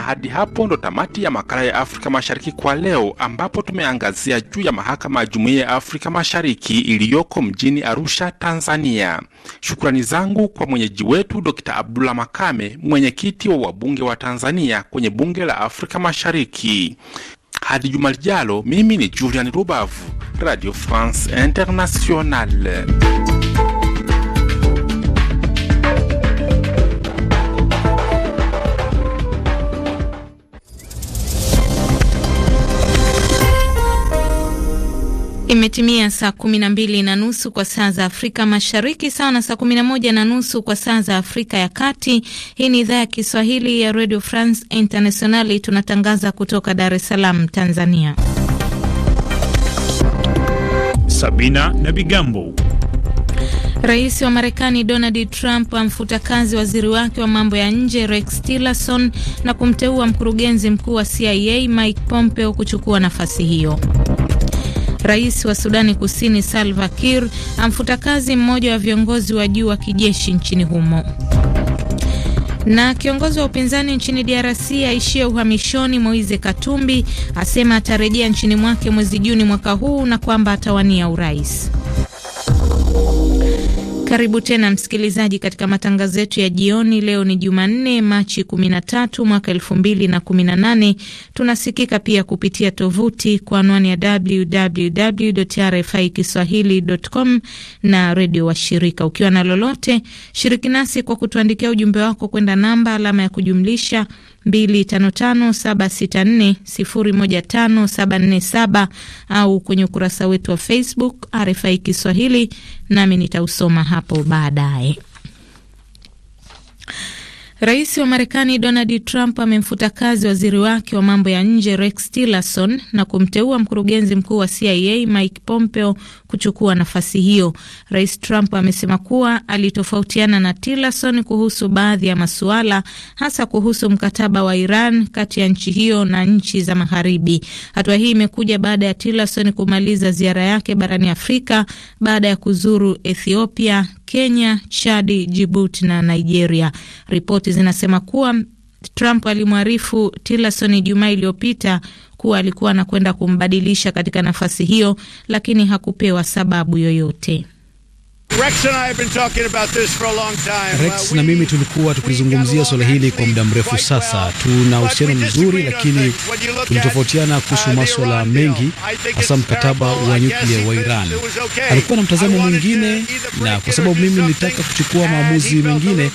hadi hapo ndo tamati ya makala ya Afrika Mashariki kwa leo, ambapo tumeangazia juu ya mahakama ya Jumuiya ya Afrika Mashariki iliyoko mjini Arusha, Tanzania. Shukrani zangu kwa mwenyeji wetu Dr. Abdullah Makame, mwenyekiti wa wabunge wa Tanzania kwenye bunge la Afrika Mashariki. Hadi juma lijalo, mimi ni Julian Rubavu, Radio France Internationale. Imetimia saa kumi na mbili na nusu kwa saa za Afrika Mashariki, sawa na saa kumi na moja na nusu kwa saa za Afrika ya Kati. Hii ni idhaa ya Kiswahili ya Radio France Internationali, tunatangaza kutoka Dar es Salaam, Tanzania. Sabina na Bigambo. Rais wa Marekani Donald Trump amfuta kazi waziri wake wa mambo ya nje Rex Tillerson na kumteua mkurugenzi mkuu wa CIA Mike Pompeo kuchukua nafasi hiyo. Rais wa Sudani Kusini Salva Kiir amfuta kazi mmoja wa viongozi wa juu wa kijeshi nchini humo. Na kiongozi wa upinzani nchini DRC aishie uhamishoni Moise Katumbi asema atarejea nchini mwake mwezi Juni mwaka huu na kwamba atawania urais. Karibu tena msikilizaji, katika matangazo yetu ya jioni. Leo ni Jumanne, Machi 13 mwaka 2018. Tunasikika pia kupitia tovuti kwa anwani ya www RFI kiswahili.com na redio wa shirika Ukiwa na lolote, shiriki nasi kwa kutuandikia ujumbe wako kwenda namba alama ya kujumlisha 255764015747 au kwenye ukurasa wetu wa Facebook RFI Kiswahili, nami nitausoma hapo baadaye. Rais wa Marekani Donald Trump amemfuta kazi waziri wake wa mambo ya nje Rex Tillerson na kumteua mkurugenzi mkuu wa CIA Mike Pompeo kuchukua nafasi hiyo. Rais Trump amesema kuwa alitofautiana na Tillerson kuhusu baadhi ya masuala, hasa kuhusu mkataba wa Iran kati ya nchi hiyo na nchi za Magharibi. Hatua hii imekuja baada ya Tillerson kumaliza ziara yake barani Afrika baada ya kuzuru Ethiopia, Kenya, Chadi, Jibuti na Nigeria. Ripoti zinasema kuwa Trump alimwarifu Tillerson Ijumaa iliyopita kuwa alikuwa anakwenda kumbadilisha katika nafasi hiyo, lakini hakupewa sababu yoyote. Rex and I have been talking about this for a long time. Rex uh, na mimi tulikuwa tukizungumzia swala hili kwa muda mrefu sasa. Tuna uhusiano mzuri, lakini tulitofautiana uh, kuhusu maswala mengi, hasa mkataba wa nyuklia wa Iran. Alikuwa na mtazamo mwingine, na kwa sababu mimi nilitaka kuchukua maamuzi mengine,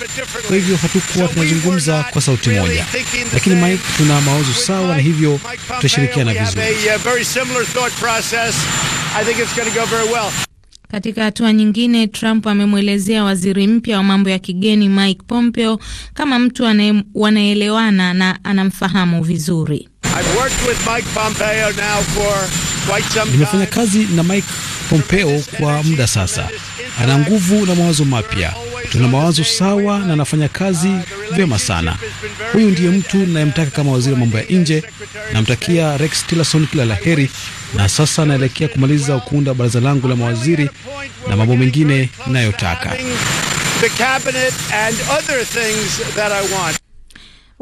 kwa hivyo hatukuwa tunazungumza kwa sauti moja, lakini Mike, tuna mawazo sawa na hivyo tutashirikiana vizuri. Uh, katika hatua nyingine, Trump amemwelezea waziri mpya wa mambo ya kigeni Mike Pompeo kama mtu wanaelewana na anamfahamu vizuri. Nimefanya kazi na Mike Pompeo kwa muda sasa, ana nguvu na mawazo mapya tuna mawazo sawa na anafanya kazi vyema sana. Huyu ndiye mtu ninayemtaka kama waziri wa mambo ya nje. Namtakia Rex Tillerson kila la heri, na sasa anaelekea kumaliza kuunda baraza langu la mawaziri na mambo mengine ninayotaka.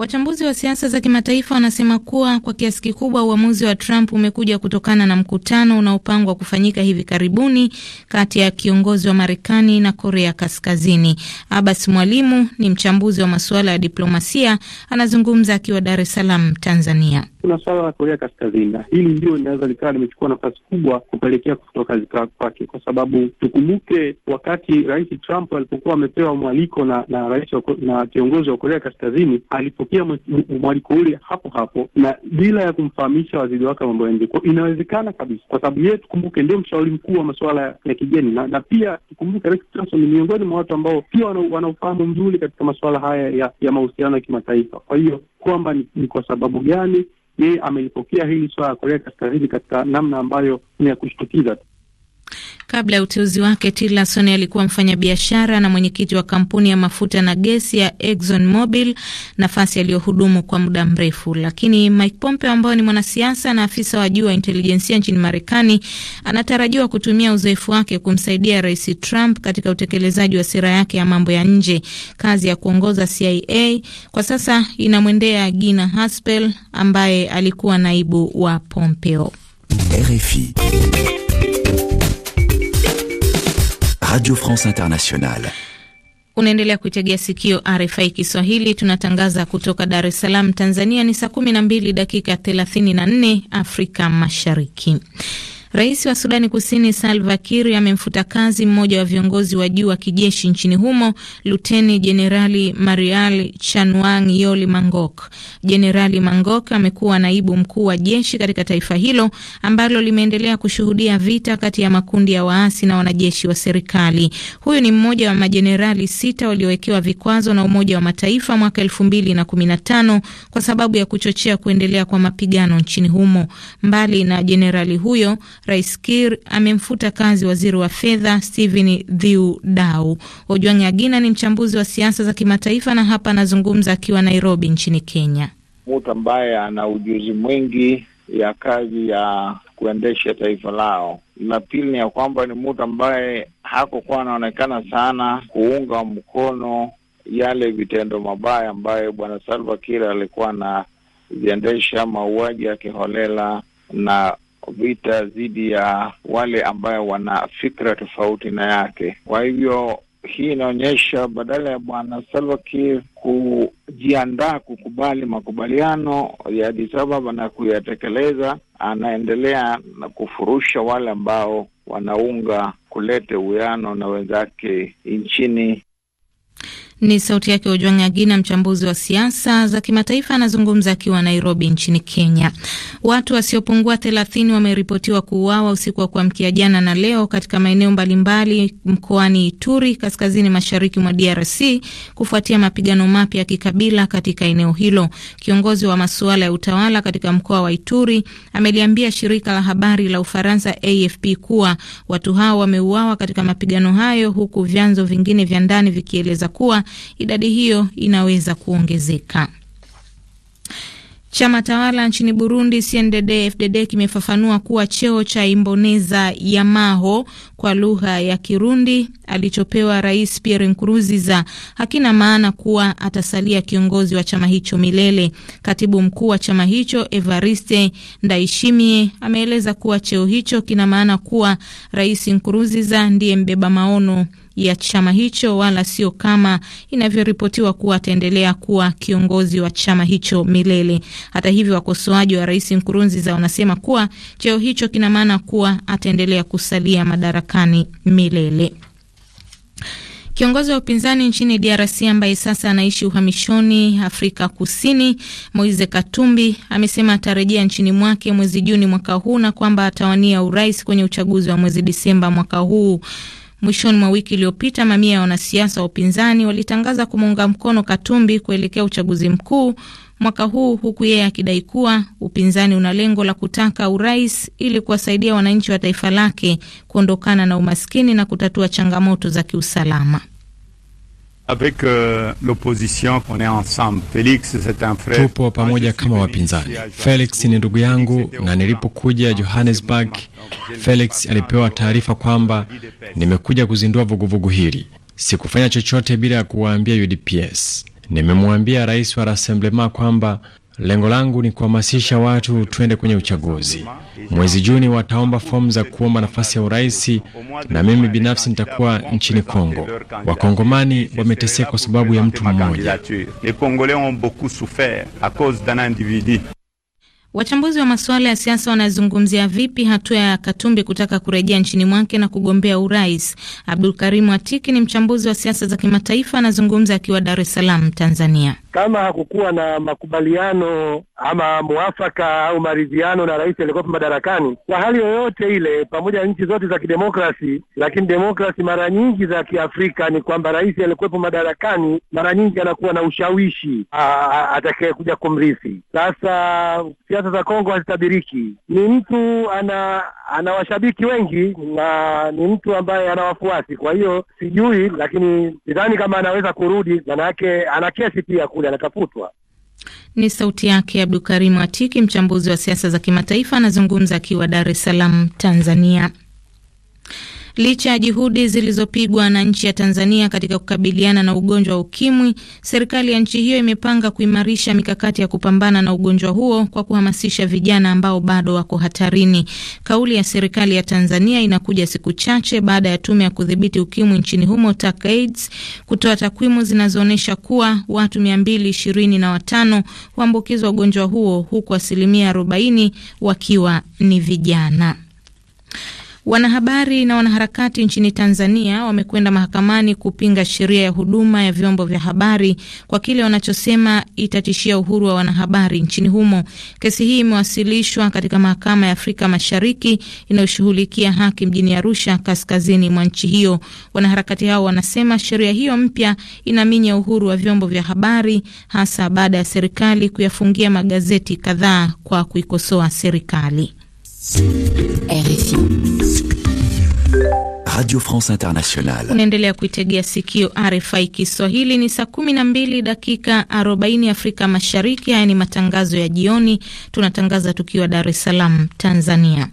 Wachambuzi wa siasa za kimataifa wanasema kuwa kwa kiasi kikubwa uamuzi wa Trump umekuja kutokana na mkutano unaopangwa kufanyika hivi karibuni kati ya kiongozi wa Marekani na Korea Kaskazini. Abbas Mwalimu ni mchambuzi wa masuala ya diplomasia, anazungumza akiwa Dar es Salaam, Tanzania. Kuna suala la Korea Kaskazini, na hili ndio linaweza likawa limechukua nafasi kubwa kupelekea kufutwa kazi kwake, kwa sababu tukumbuke wakati Rais Trump alipokuwa amepewa mwaliko na na rais na kiongozi wa Korea Kaskazini alipo kupokea mwaliko ule hapo hapo na bila ya kumfahamisha waziri wake mambo ya nje. Inawezekana kabisa, kwa sababu yeye tukumbuke, ndio mshauri mkuu wa masuala ya kigeni na, na pia tukumbuke Rex Tillerson ni miongoni mwa watu ambao pia wana ufahamu mzuri katika masuala haya ya, ya mahusiano ya kimataifa. Kwa hiyo kwamba ni, ni kwa sababu gani yeye amelipokea hili swala ya Korea Kaskazini katika namna ambayo ni ya kushtukiza. Kabla ya uteuzi wake, Tillerson alikuwa mfanyabiashara na mwenyekiti wa kampuni ya mafuta na gesi ya Exxon Mobil, nafasi aliyohudumu kwa muda mrefu. Lakini Mike Pompeo ambaye ni mwanasiasa na afisa wa juu wa intelijensia nchini Marekani anatarajiwa kutumia uzoefu wake kumsaidia Rais Trump katika utekelezaji wa sera yake ya mambo ya nje. Kazi ya kuongoza CIA kwa sasa inamwendea Gina Haspel ambaye alikuwa naibu wa Pompeo. RFI. Radio France Internationale. Unaendelea kuitegea sikio RFI Kiswahili, tunatangaza kutoka Dar es Salaam, Tanzania. Ni saa 12 dakika 34 Afrika Mashariki. Rais wa Sudani Kusini Salva Kiir amemfuta kazi mmoja wa viongozi wa juu wa kijeshi nchini humo, Luteni Jenerali Marial Chanwang Yoli Mangok. Jenerali Mangok amekuwa naibu mkuu wa jeshi katika taifa hilo ambalo limeendelea kushuhudia vita kati ya makundi ya waasi na wanajeshi wa serikali. Huyu ni mmoja wa majenerali sita waliowekewa vikwazo na Umoja wa Mataifa mwaka elfu mbili na kumi na tano kwa sababu ya kuchochea kuendelea kwa mapigano nchini humo. Mbali na jenerali huyo Rais Kir amemfuta kazi waziri wa fedha Stephen Dhiu Dau. Ojwang' Agina ni mchambuzi wa siasa za kimataifa na hapa anazungumza akiwa Nairobi nchini Kenya. Mtu ambaye ana ujuzi mwingi ya kazi ya kuendesha taifa lao. La pili ni ya kwamba ni mtu ambaye hakokuwa anaonekana sana kuunga mkono yale vitendo mabaya ambayo bwana Salva Kiir alikuwa anaviendesha mauaji ya kiholela na vita dhidi ya wale ambayo wana fikra tofauti na yake. Kwa hivyo hii inaonyesha badala ya bwana Salva Kiir kujiandaa kukubali makubaliano ya Addis Ababa na kuyatekeleza, anaendelea na kufurusha wale ambao wanaunga kulete uwiano na wenzake nchini ni sauti yake Ojwang' Agina, mchambuzi wa siasa za kimataifa, anazungumza akiwa Nairobi nchini Kenya. Watu wasiopungua thelathini wameripotiwa kuuawa usiku wa kuamkia jana na leo katika maeneo mbalimbali mkoani Ituri, kaskazini mashariki mwa DRC, kufuatia mapigano mapya ya kikabila katika eneo hilo. Kiongozi wa masuala ya utawala katika mkoa wa Ituri ameliambia shirika la habari la Ufaransa AFP kuwa watu hao wameuawa katika mapigano hayo, huku vyanzo vingine vya ndani vikieleza kuwa idadi hiyo inaweza kuongezeka. Chama tawala nchini Burundi CNDD-FDD kimefafanua kuwa cheo cha Imboneza Yamaho kwa lugha ya Kirundi alichopewa Rais Pierre Nkurunziza hakina maana kuwa atasalia kiongozi wa chama hicho milele. Katibu mkuu wa chama hicho Evariste Ndayishimiye ameeleza kuwa cheo hicho kina maana kuwa Rais Nkurunziza ndiye mbeba maono ya chama hicho, wala sio kama inavyoripotiwa kuwa ataendelea kuwa kiongozi wa chama hicho milele. Hata hivyo, wakosoaji wa rais Nkurunziza wanasema kuwa cheo hicho kina maana kuwa ataendelea kusalia madarakani milele. Kiongozi wa upinzani nchini DRC ambaye sasa anaishi uhamishoni Afrika Kusini, Moise Katumbi amesema atarejea nchini mwake mwezi Juni mwaka huu na kwamba atawania urais kwenye uchaguzi wa mwezi Disemba mwaka huu. Mwishoni mwa wiki iliyopita, mamia ya wanasiasa wa upinzani walitangaza kumuunga mkono Katumbi kuelekea uchaguzi mkuu mwaka huu, huku yeye akidai kuwa upinzani una lengo la kutaka urais ili kuwasaidia wananchi wa taifa lake kuondokana na umaskini na kutatua changamoto za kiusalama. Avec, euh, l'opposition qu'on est ensemble. Felix, c'est un frère. Tupo pamoja kama wapinzani. Felix ni ndugu yangu na nilipokuja Johannesburg, Felix alipewa taarifa kwamba nimekuja kuzindua vuguvugu hili. Sikufanya chochote bila ya kuwaambia UDPS. Nimemwambia rais wa Rassemblement kwamba Lengo langu ni kuhamasisha watu twende kwenye uchaguzi. Mwezi Juni wataomba fomu za kuomba nafasi ya urais, na mimi binafsi nitakuwa nchini Kongo. Wakongomani wameteseka kwa sababu ya mtu mmoja. Wachambuzi wa masuala ya siasa wanazungumzia vipi hatua ya Katumbi kutaka kurejea nchini mwake na kugombea urais? Abdul Karimu Atiki ni mchambuzi wa siasa za kimataifa, anazungumza akiwa Dar es Salaam, Tanzania kama hakukuwa na makubaliano ama mwafaka au maridhiano na rais aliyekuwepo madarakani, kwa hali yoyote ile, pamoja na nchi zote za kidemokrasi, lakini demokrasi mara nyingi za Kiafrika ni kwamba rais aliyekuwepo madarakani mara nyingi anakuwa na ushawishi atakayekuja kumrithi. Sasa siasa za Kongo hazitabiriki. Ni mtu ana ana washabiki wengi na ni mtu ambaye ana wafuasi, kwa hiyo sijui, lakini sidhani kama anaweza kurudi, manayake ana kesi pia ku kule anatafutwa. Ni sauti yake Abdukarimu Atiki, mchambuzi wa siasa za kimataifa, anazungumza akiwa Dar es Salaam, Tanzania. Licha ya juhudi zilizopigwa na nchi ya Tanzania katika kukabiliana na ugonjwa wa ukimwi, serikali ya nchi hiyo imepanga kuimarisha mikakati ya kupambana na ugonjwa huo kwa kuhamasisha vijana ambao bado wako hatarini. Kauli ya serikali ya Tanzania inakuja siku chache baada ya tume ya kudhibiti ukimwi nchini humo TACAIDS kutoa takwimu zinazoonyesha kuwa watu 225 huambukizwa ugonjwa huo huku asilimia 40 wakiwa ni vijana. Wanahabari na wanaharakati nchini Tanzania wamekwenda mahakamani kupinga sheria ya huduma ya vyombo vya habari kwa kile wanachosema itatishia uhuru wa wanahabari nchini humo. Kesi hii imewasilishwa katika mahakama ya Afrika Mashariki inayoshughulikia haki mjini Arusha, kaskazini mwa nchi hiyo. Wanaharakati hao wanasema sheria hiyo mpya inaminya uhuru wa vyombo vya habari, hasa baada ya serikali kuyafungia magazeti kadhaa kwa kuikosoa serikali. RFI Radio France Internationale. Unaendelea kuitegea sikio RFI Kiswahili. Ni saa 12 dakika 40 Afrika Mashariki. Haya ni matangazo ya jioni, tunatangaza tukiwa Dar es Salaam, Tanzania.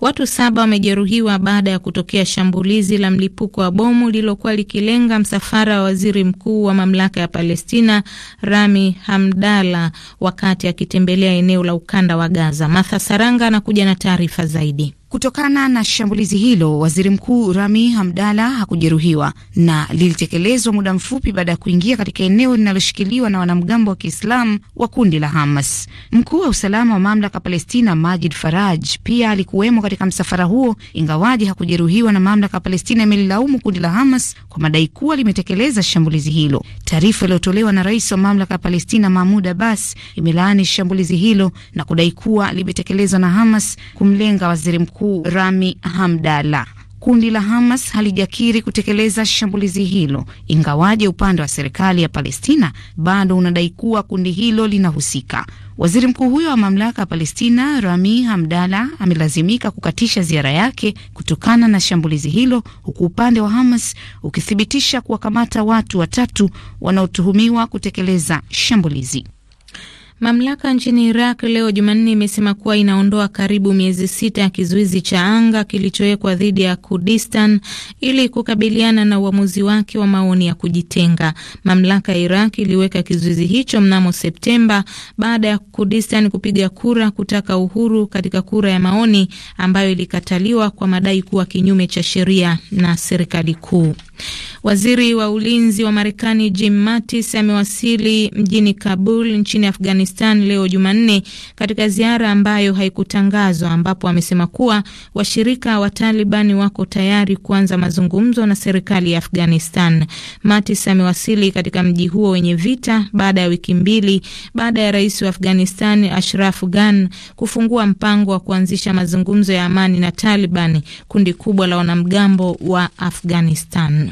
Watu saba wamejeruhiwa baada ya kutokea shambulizi la mlipuko wa bomu lililokuwa likilenga msafara wa waziri mkuu wa mamlaka ya Palestina Rami Hamdala wakati akitembelea eneo la ukanda wa Gaza. Martha Saranga anakuja na taarifa zaidi. Kutokana na shambulizi hilo, waziri mkuu Rami Hamdala hakujeruhiwa na lilitekelezwa muda mfupi baada ya kuingia katika eneo linaloshikiliwa na wanamgambo wa Kiislamu wa kundi la Hamas. Mkuu wa usalama wa mamlaka Palestina Majid Faraj pia alikuwemo katika msafara huo, ingawaji hakujeruhiwa. Na mamlaka ya Palestina imelilaumu kundi la Hamas kwa madai kuwa limetekeleza shambulizi hilo. Taarifa iliyotolewa na rais wa mamlaka ya Palestina Mahmud Abbas imelaani shambulizi hilo na kudai kuwa limetekelezwa na Hamas kumlenga waziri mkuu mkuu Rami Hamdala. Kundi la Hamas halijakiri kutekeleza shambulizi hilo, ingawaje upande wa serikali ya Palestina bado unadai kuwa kundi hilo linahusika. Waziri mkuu huyo wa mamlaka ya Palestina, Rami Hamdala, amelazimika kukatisha ziara yake kutokana na shambulizi hilo, huku upande wa Hamas ukithibitisha kuwakamata watu watatu wanaotuhumiwa kutekeleza shambulizi. Mamlaka nchini Iraq leo Jumanne imesema kuwa inaondoa karibu miezi sita ya kizuizi cha anga kilichowekwa dhidi ya Kurdistan ili kukabiliana na uamuzi wake wa maoni ya kujitenga. Mamlaka ya Iraq iliweka kizuizi hicho mnamo Septemba baada ya Kurdistan kupiga kura kutaka uhuru katika kura ya maoni ambayo ilikataliwa kwa madai kuwa kinyume cha sheria na serikali kuu. Waziri wa ulinzi wa Marekani Jim Mattis amewasili mjini Kabul nchini Afghanistan Afghanistan leo Jumanne katika ziara ambayo haikutangazwa, ambapo amesema kuwa washirika wa Taliban wako tayari kuanza mazungumzo na serikali ya Afghanistan. Mattis amewasili katika mji huo wenye vita baada ya wiki mbili baada ya rais wa Afghanistan Ashraf Ghani kufungua mpango wa kuanzisha mazungumzo ya amani na Taliban, kundi kubwa la wanamgambo wa Afghanistan.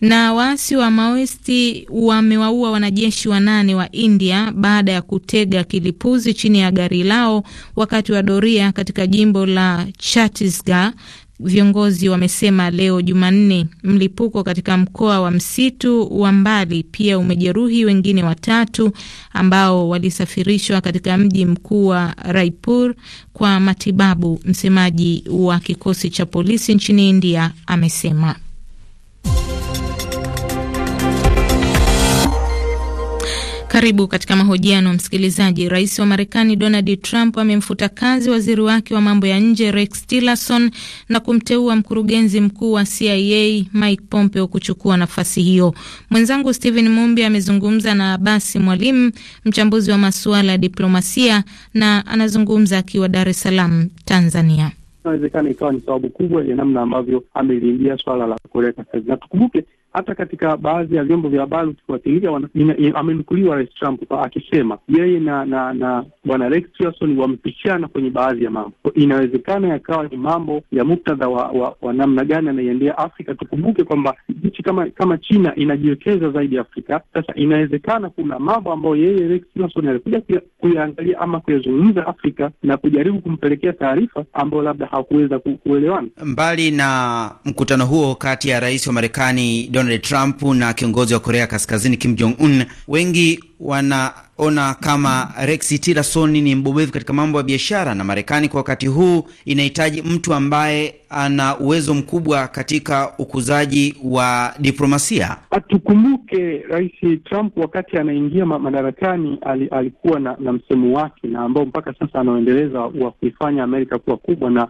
Na waasi wa Maoisti wamewaua wanajeshi wanane wa India baada ya kutega kilipuzi chini ya gari lao wakati wa doria katika jimbo la chatisga Viongozi wamesema leo Jumanne. Mlipuko katika mkoa wa msitu wa mbali pia umejeruhi wengine watatu ambao walisafirishwa katika mji mkuu wa Raipur kwa matibabu, msemaji wa kikosi cha polisi nchini India amesema. Karibu katika mahojiano msikilizaji. Rais wa Marekani Donald Trump amemfuta kazi waziri wake wa mambo ya nje Rex Tillerson na kumteua mkurugenzi mkuu wa CIA Mike Pompeo kuchukua nafasi hiyo. Mwenzangu Stephen Mumbi amezungumza na Abasi Mwalimu, mchambuzi wa masuala ya diplomasia, na anazungumza akiwa Dar es Salaam, Tanzania. Inawezekana ikawa ni sababu kubwa ya namna ambavyo ameliingia swala la Korea Kaskazini, na tukumbuke hata katika baadhi ya vyombo vya habari ukifuatilia, amenukuliwa Rais Trump akisema yeye na na na bwana Rex Tillerson wamepishana kwenye baadhi ya mambo. Inawezekana yakawa ni mambo ya muktadha wa, wa, wa namna gani anaiendea Afrika. Tukumbuke kwamba nchi kama kama China inajiwekeza zaidi Afrika. Sasa inawezekana kuna mambo ambayo yeye Rex Tillerson alikuja kuyaangalia ama kuyazungumza Afrika na kujaribu kumpelekea taarifa ambayo labda hakuweza kuelewana. Mbali na mkutano huo kati ya rais wa Marekani Donald Trump na kiongozi wa Korea Kaskazini Kim Jong Un, wengi wanaona kama Rex Tillerson ni mbobevu katika mambo ya biashara, na Marekani kwa wakati huu inahitaji mtu ambaye ana uwezo mkubwa katika ukuzaji wa diplomasia. Atukumbuke Rais Trump wakati anaingia madarakani ali, alikuwa na, na msemo wake na ambao mpaka sasa anaoendeleza wa kuifanya Amerika kuwa kubwa na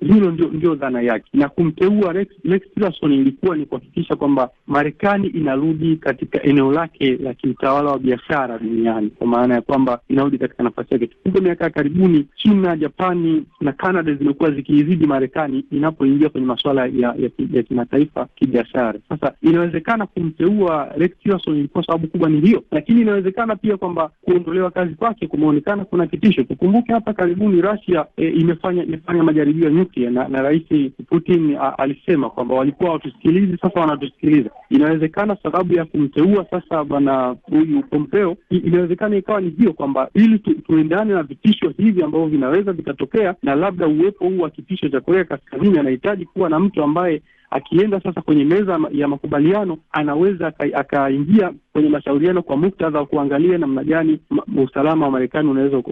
hilo ndio, ndio dhana yake na kumteua Rex, Rex Tillerson ilikuwa ni kuhakikisha kwamba Marekani inarudi katika eneo lake la kiutawala wa biashara duniani, kwa maana ya kwamba inarudi katika nafasi yake. Tukumbe miaka ya karibuni China, Japani na Canada zimekuwa zikiizidi Marekani inapoingia kwenye masuala ya, ya, ya kimataifa kibiashara. Sasa inawezekana kumteua Rex Tillerson ilikuwa sababu kubwa ni hiyo, lakini inawezekana pia kwamba kuondolewa kazi kwake kumeonekana kuna kitisho. Tukumbuke hapa karibuni Russia e, imefanya imefanya majaribio mpya na, na Rais Putin a, alisema kwamba walikuwa watusikilizi, sasa wanatusikiliza. Inawezekana sababu ya kumteua sasa bwana huyu Pompeo inawezekana ikawa ni hiyo kwamba ili tu, tuendane na vitisho hivi ambavyo vinaweza vikatokea, na labda uwepo huu wa kitisho cha Korea Kaskazini, anahitaji kuwa na mtu ambaye Akienda sasa kwenye meza ya makubaliano, anaweza akaingia kwenye mashauriano kwa muktadha wa kuangalia namna gani usalama wa Marekani unaweza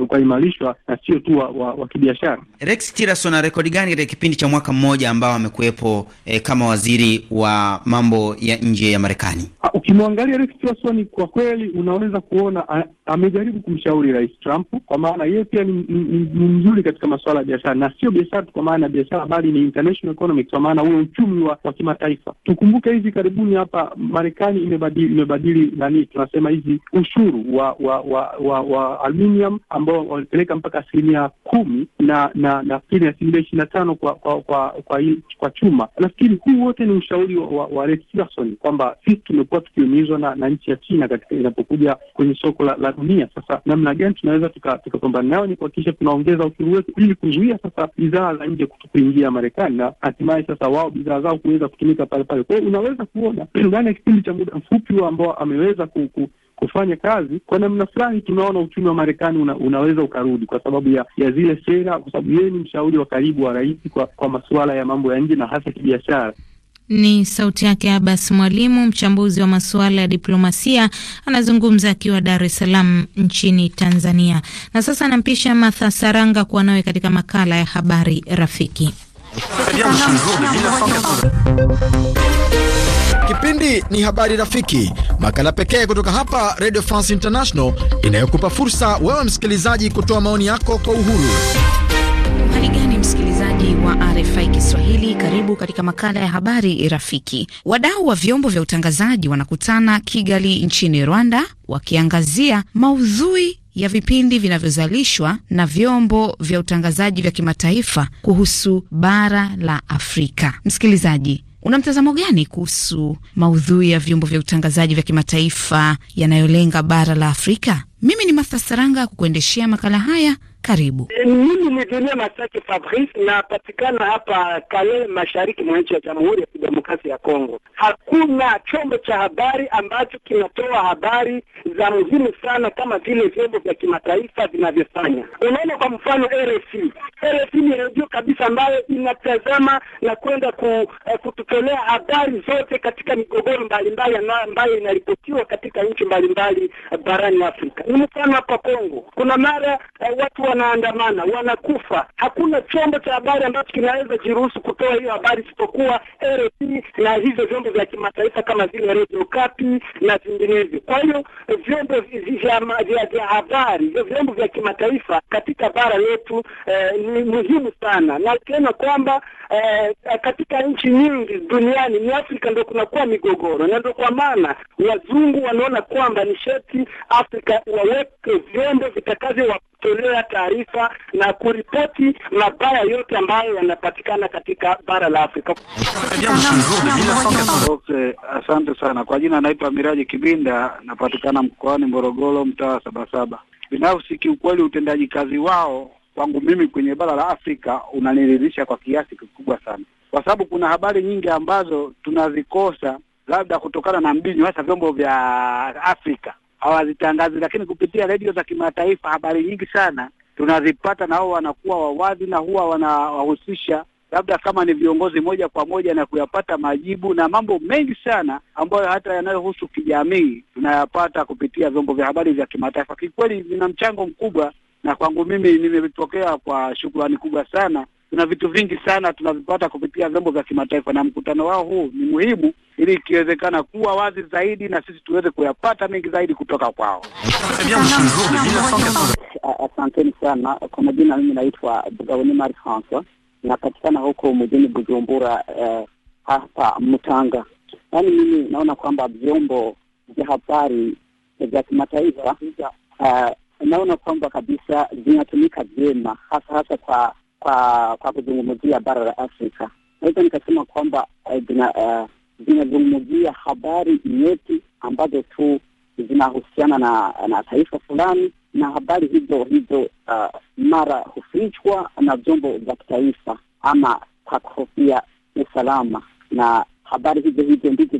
ukaimarishwa na sio tu wa, wa, wa kibiashara. Rex Tillerson ana rekodi gani katika kipindi cha mwaka mmoja ambao amekuwepo eh, kama waziri wa mambo ya nje ya Marekani? Ah, ukimwangalia Rex Tillerson kwa kweli unaweza kuona amejaribu kumshauri Rais Trump, kwa maana yeye pia ni, ni, ni, ni mzuri katika masuala ya biashara, na sio biashara tu kwa maana ya biashara, bali ni international economics, kwa maana ule uchumi wa, wa kimataifa. Tukumbuke hivi karibuni hapa Marekani imebadili imebadili nani, tunasema hizi ushuru wa wa wa, wa, wa aluminium ambao walipeleka mpaka asilimia kumi na na nafikiri asilimia ishirini na tano kwa kwa kwa, kwa, kwa chuma. Nafikiri huu wote ni ushauri wa, wa, wa Rex Tillerson kwamba sisi tumekuwa tukiumizwa na, na nchi ya China katika inapokuja kwenye soko la, la dunia. Sasa namna gani tunaweza tukapambana nayo ni kuhakikisha tunaongeza ushuru wetu ili kuzuia sasa bidhaa za nje kuto kuingia Marekani na hatimaye sasa wao bidhaa zao kuweza kutumika pale pale. Kwa hiyo unaweza kuona [CLEARS THROAT] ndani ya kipindi cha muda mfupi huo ambao ameweza ku, ku, kufanya kazi kwa namna fulani, tunaona uchumi wa Marekani una, unaweza ukarudi kwa sababu ya, ya zile sera, kwa sababu yeye ni mshauri wa karibu wa rais kwa, kwa masuala ya mambo ya nje na hasa kibiashara. Ni sauti yake Abbas Mwalimu, mchambuzi wa masuala ya diplomasia, anazungumza akiwa Dar es Salaam nchini Tanzania. Na sasa anampisha Martha Saranga kuwa nawe katika makala ya habari rafiki. Kipindi ni Habari Rafiki, makala pekee kutoka hapa Radio France International inayokupa fursa wewe msikilizaji kutoa maoni yako kwa uhuru. Hali gani msikilizaji wa RFI Kiswahili? Karibu katika makala ya habari rafiki. Wadau wa vyombo vya utangazaji wanakutana Kigali nchini Rwanda, wakiangazia maudhui ya vipindi vinavyozalishwa na vyombo vya utangazaji vya kimataifa kuhusu bara la Afrika. Msikilizaji, una mtazamo gani kuhusu maudhui ya vyombo vya utangazaji vya kimataifa yanayolenga bara la Afrika? Mimi ni Martha Saranga kukuendeshea makala haya karibu. Eh, mimi ni Dunia Masaki Fabrice, napatikana hapa Kale, mashariki mwa nchi ya Jamhuri ya Kidemokrasia ya Kongo. Hakuna chombo cha habari ambacho kinatoa habari za muhimu sana kama vile vyombo vya kimataifa vinavyofanya. Unaona, kwa mfano RFI. RFI ni redio kabisa ambayo inatazama na kwenda ku, eh, kututolea habari zote katika migogoro mbalimbali ambayo inaripotiwa katika nchi mbalimbali barani Afrika. Ni mfano hapa Kongo, kuna mara eh, watu wa wanaandamana, wanakufa. Hakuna chombo cha habari ambacho kinaweza jiruhusu kutoa hiyo habari isipokuwa RFI na hivyo vyombo vya kimataifa kama vile Radio Okapi na vinginevyo. Kwa hiyo vyombo vya habari, vyombo vya kimataifa katika bara letu eh, ni muhimu sana, na ukiona kwamba eh, katika nchi nyingi duniani ni Afrika ndio kunakuwa migogoro, na ndio kwa maana wazungu wanaona kwamba ni Afrika waweke vyombo vitakavyo kutolea taarifa na kuripoti mabaya yote ambayo yanapatikana katika bara la Afrika. asante sana kwa jina, naitwa Miraji Kibinda, napatikana mkoani Morogoro, mtaa wa Sabasaba. Binafsi kiukweli, utendaji kazi wao kwangu mimi kwenye bara la Afrika unaniridhisha kwa kiasi kikubwa sana, kwa sababu kuna habari nyingi ambazo tunazikosa labda kutokana na mbinyo, hasa vyombo vya Afrika hawazitangazi, lakini kupitia redio za kimataifa habari nyingi sana tunazipata, na wao wanakuwa wawazi na huwa wanawahusisha labda kama ni viongozi moja kwa moja na kuyapata majibu na mambo mengi sana ambayo hata yanayohusu kijamii tunayapata kupitia vyombo vya habari vya kimataifa. Kikweli vina mchango mkubwa, na kwangu mimi nimepokea kwa shukrani kubwa sana tuna vitu vingi sana tunavipata kupitia vyombo vya kimataifa, na mkutano wao huu ni muhimu ili ikiwezekana kuwa wazi zaidi na sisi tuweze kuyapata mengi zaidi kutoka kwao. Asanteni sana kwa majina, mimi naitwa Mari Francois, napatikana huko mjini Bujumbura eh, hapa Mtanga. Yaani mimi naona kwamba vyombo vya habari vya kimataifa uh, naona kwamba kabisa zinatumika vyema hasa hasa kwa kwa kwa kuzungumzia bara la Afrika. Naweza nikasema kwamba eh, eh, zinazungumzia uh, habari nyeti ambazo tu zinahusiana na na taifa fulani, na habari hizo hizo uh, mara hufichwa na vyombo vya kitaifa ama kwa kuhofia usalama, na habari hizo hizo ndizo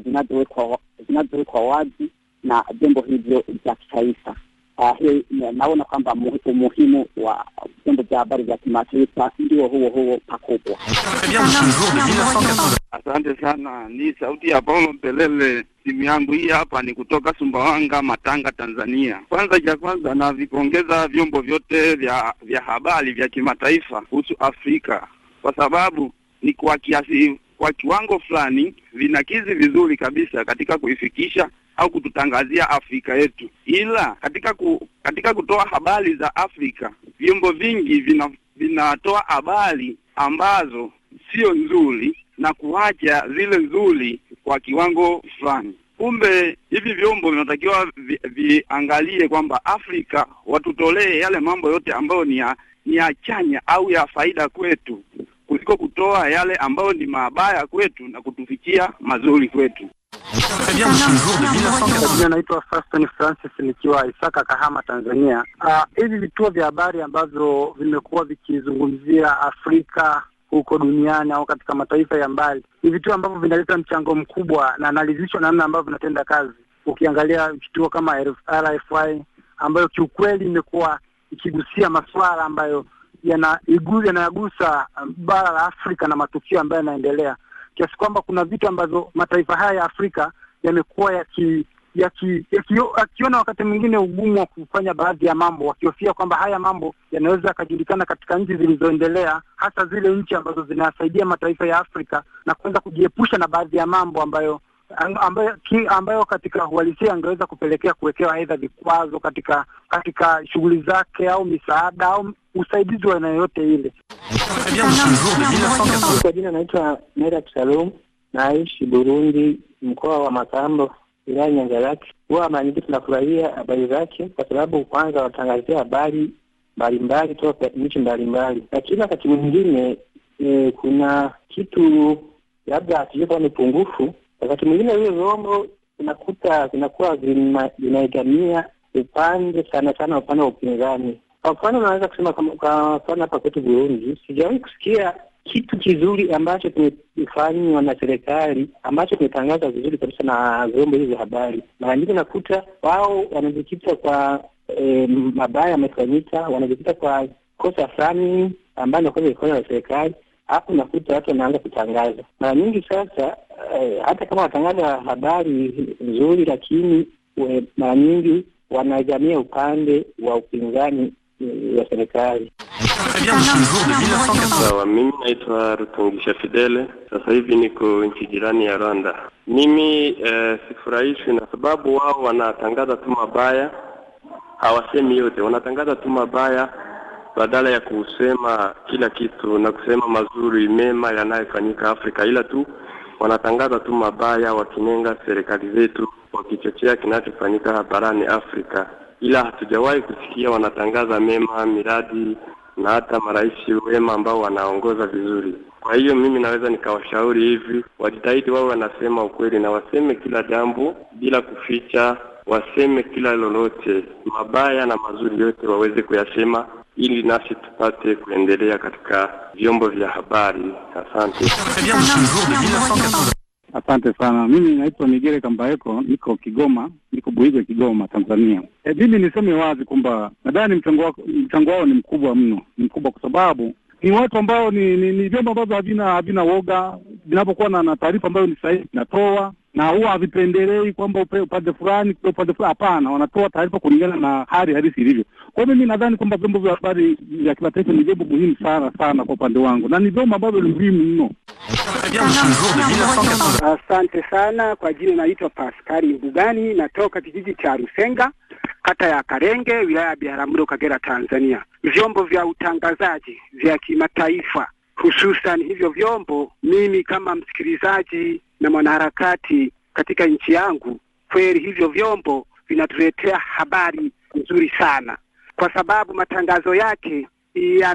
zinazowekwa wazi na vyombo hivyo vya kitaifa hiyo uh, ah, eh, naona kwamba umuhimu wa vyombo vya habari vya kimataifa ndio huo huo pakubwa. Asante sana, ni sauti ya Paulo Mpelele. Simu yangu hii hapa ni kutoka Sumbawanga, Matanga, Tanzania. Kwanza cha kwanza navipongeza vyombo vyote vya vya habari vya kimataifa kuhusu Afrika kwa sababu ni kwa kiasi kwa kiwango fulani vinakizi vizuri kabisa katika kuifikisha au kututangazia Afrika yetu, ila katika ku, katika kutoa habari za Afrika vyombo vingi vina, vinatoa habari ambazo sio nzuri na kuacha zile nzuri kwa kiwango fulani. Kumbe hivi vyombo vinatakiwa vi, viangalie kwamba Afrika watutolee yale mambo yote ambayo ni ya, ni ya chanya au ya faida kwetu kuliko kutoa yale ambayo ni mabaya kwetu na kutufikia mazuri kwetu. Naitwa Faston Francis nikiwa Isaka, Kahama, Tanzania. Ah, hivi vituo vya habari ambavyo vimekuwa vikizungumzia Afrika huko duniani au katika mataifa ya mbali ni vituo ambavyo vinaleta mchango mkubwa na analizishwa namna ambavyo vinatenda kazi. Ukiangalia vituo kama RFI ambayo kiukweli imekuwa ikigusia masuala ambayo yanayagusa um, bara la Afrika na matukio ambayo yanaendelea, kiasi kwamba kuna vitu ambazo mataifa haya ya Afrika yamekuwa yaki akiona wakati mwingine ugumu wa kufanya baadhi ya mambo, wakihofia kwamba haya mambo yanaweza yakajulikana katika nchi zilizoendelea, hasa zile nchi ambazo zinasaidia mataifa ya Afrika na kuweza kujiepusha na baadhi ya mambo ambayo ambayo, ki, ambayo katika uhalisia angeweza kupelekea kuwekewa aidha vikwazo katika katika shughuli zake au misaada au usaidizi wa aina yoyote ile. Kwa jina naitwa Mera Salum, naishi Burundi, mkoa wa Makambo, wilaya zake Huwa mara nyingi tunafurahia habari zake kwa sababu kwanza wanatangazia habari mbalimbali toka nchi mbalimbali, lakini wakati mwingine e, kuna kitu labda hatujui kama ni pungufu Wakati mwingine hiyo vyombo inakuta vinakuwa vinaegamia upande sana sana upande wa upinzani. Kwa mfano, unaweza kusema kwa mfano hapa kwetu Burundi, sijawahi kusikia kitu kizuri ambacho kimefanywa na serikali ambacho kimetangazwa vizuri kabisa na vyombo hivi vya habari. Mara nyingi unakuta wao wanajikita kwa e, mabaya yamefanyika, wanajikita kwa kosa fulani ambayo inakuwa vikona na serikali, hapo nakuta watu wanaanza kutangaza mara nyingi. Sasa eh, hata kama watangaza habari nzuri, lakini mara nyingi wanaegamia upande wa upinzani eh, wa serikali. Sawa, mimi naitwa Rutungisha Fidele, sasa hivi niko nchi jirani ya Rwanda. Mimi eh, sifurahishwi na sababu wao wanatangaza tu mabaya, hawasemi yote, wanatangaza tu mabaya badala ya kusema kila kitu na kusema mazuri mema yanayofanyika Afrika, ila tu wanatangaza tu mabaya, wakinenga serikali zetu, wakichochea kinachofanyika barani Afrika, ila hatujawahi kusikia wanatangaza mema, miradi na hata marais wema ambao wanaongoza vizuri. Kwa hiyo mimi naweza nikawashauri hivi, wajitahidi wao wanasema ukweli na waseme kila jambo bila kuficha, waseme kila lolote, mabaya na mazuri yote waweze kuyasema, ili nasi tupate kuendelea katika vyombo vya habari. Asante, asante sana. Mimi naitwa Nigere Kambaeko, niko Kigoma, niko Buige, Kigoma, Tanzania. E, mimi niseme wazi kwamba nadhani mchango wao mchango wao ni mkubwa mno, ni mkubwa kwa sababu ni watu ambao ni ni vyombo ambavyo havina havina woga, vinapokuwa na taarifa ambayo ni sahihi vinatoa na huwa havipendelei kwamba upande fulani upande fulani. Hapana, wanatoa taarifa kulingana na hali halisi ilivyo. Kwa hiyo mimi nadhani kwamba vyombo vya habari vya kimataifa ni vyombo muhimu sana sana kwa upande wangu, na ni vyombo ambavyo ni muhimu mno. Asante sana. Kwa jina naitwa Paskari Mbugani, natoka kijiji cha Rusenga, kata ya Karenge, wilaya ya Biharamulo, Kagera, Tanzania. Vyombo vya utangazaji vya kimataifa hususan hivyo vyombo, mimi kama msikilizaji na mwanaharakati katika nchi yangu, kweli hivyo vyombo vinatuletea habari nzuri sana, kwa sababu matangazo yake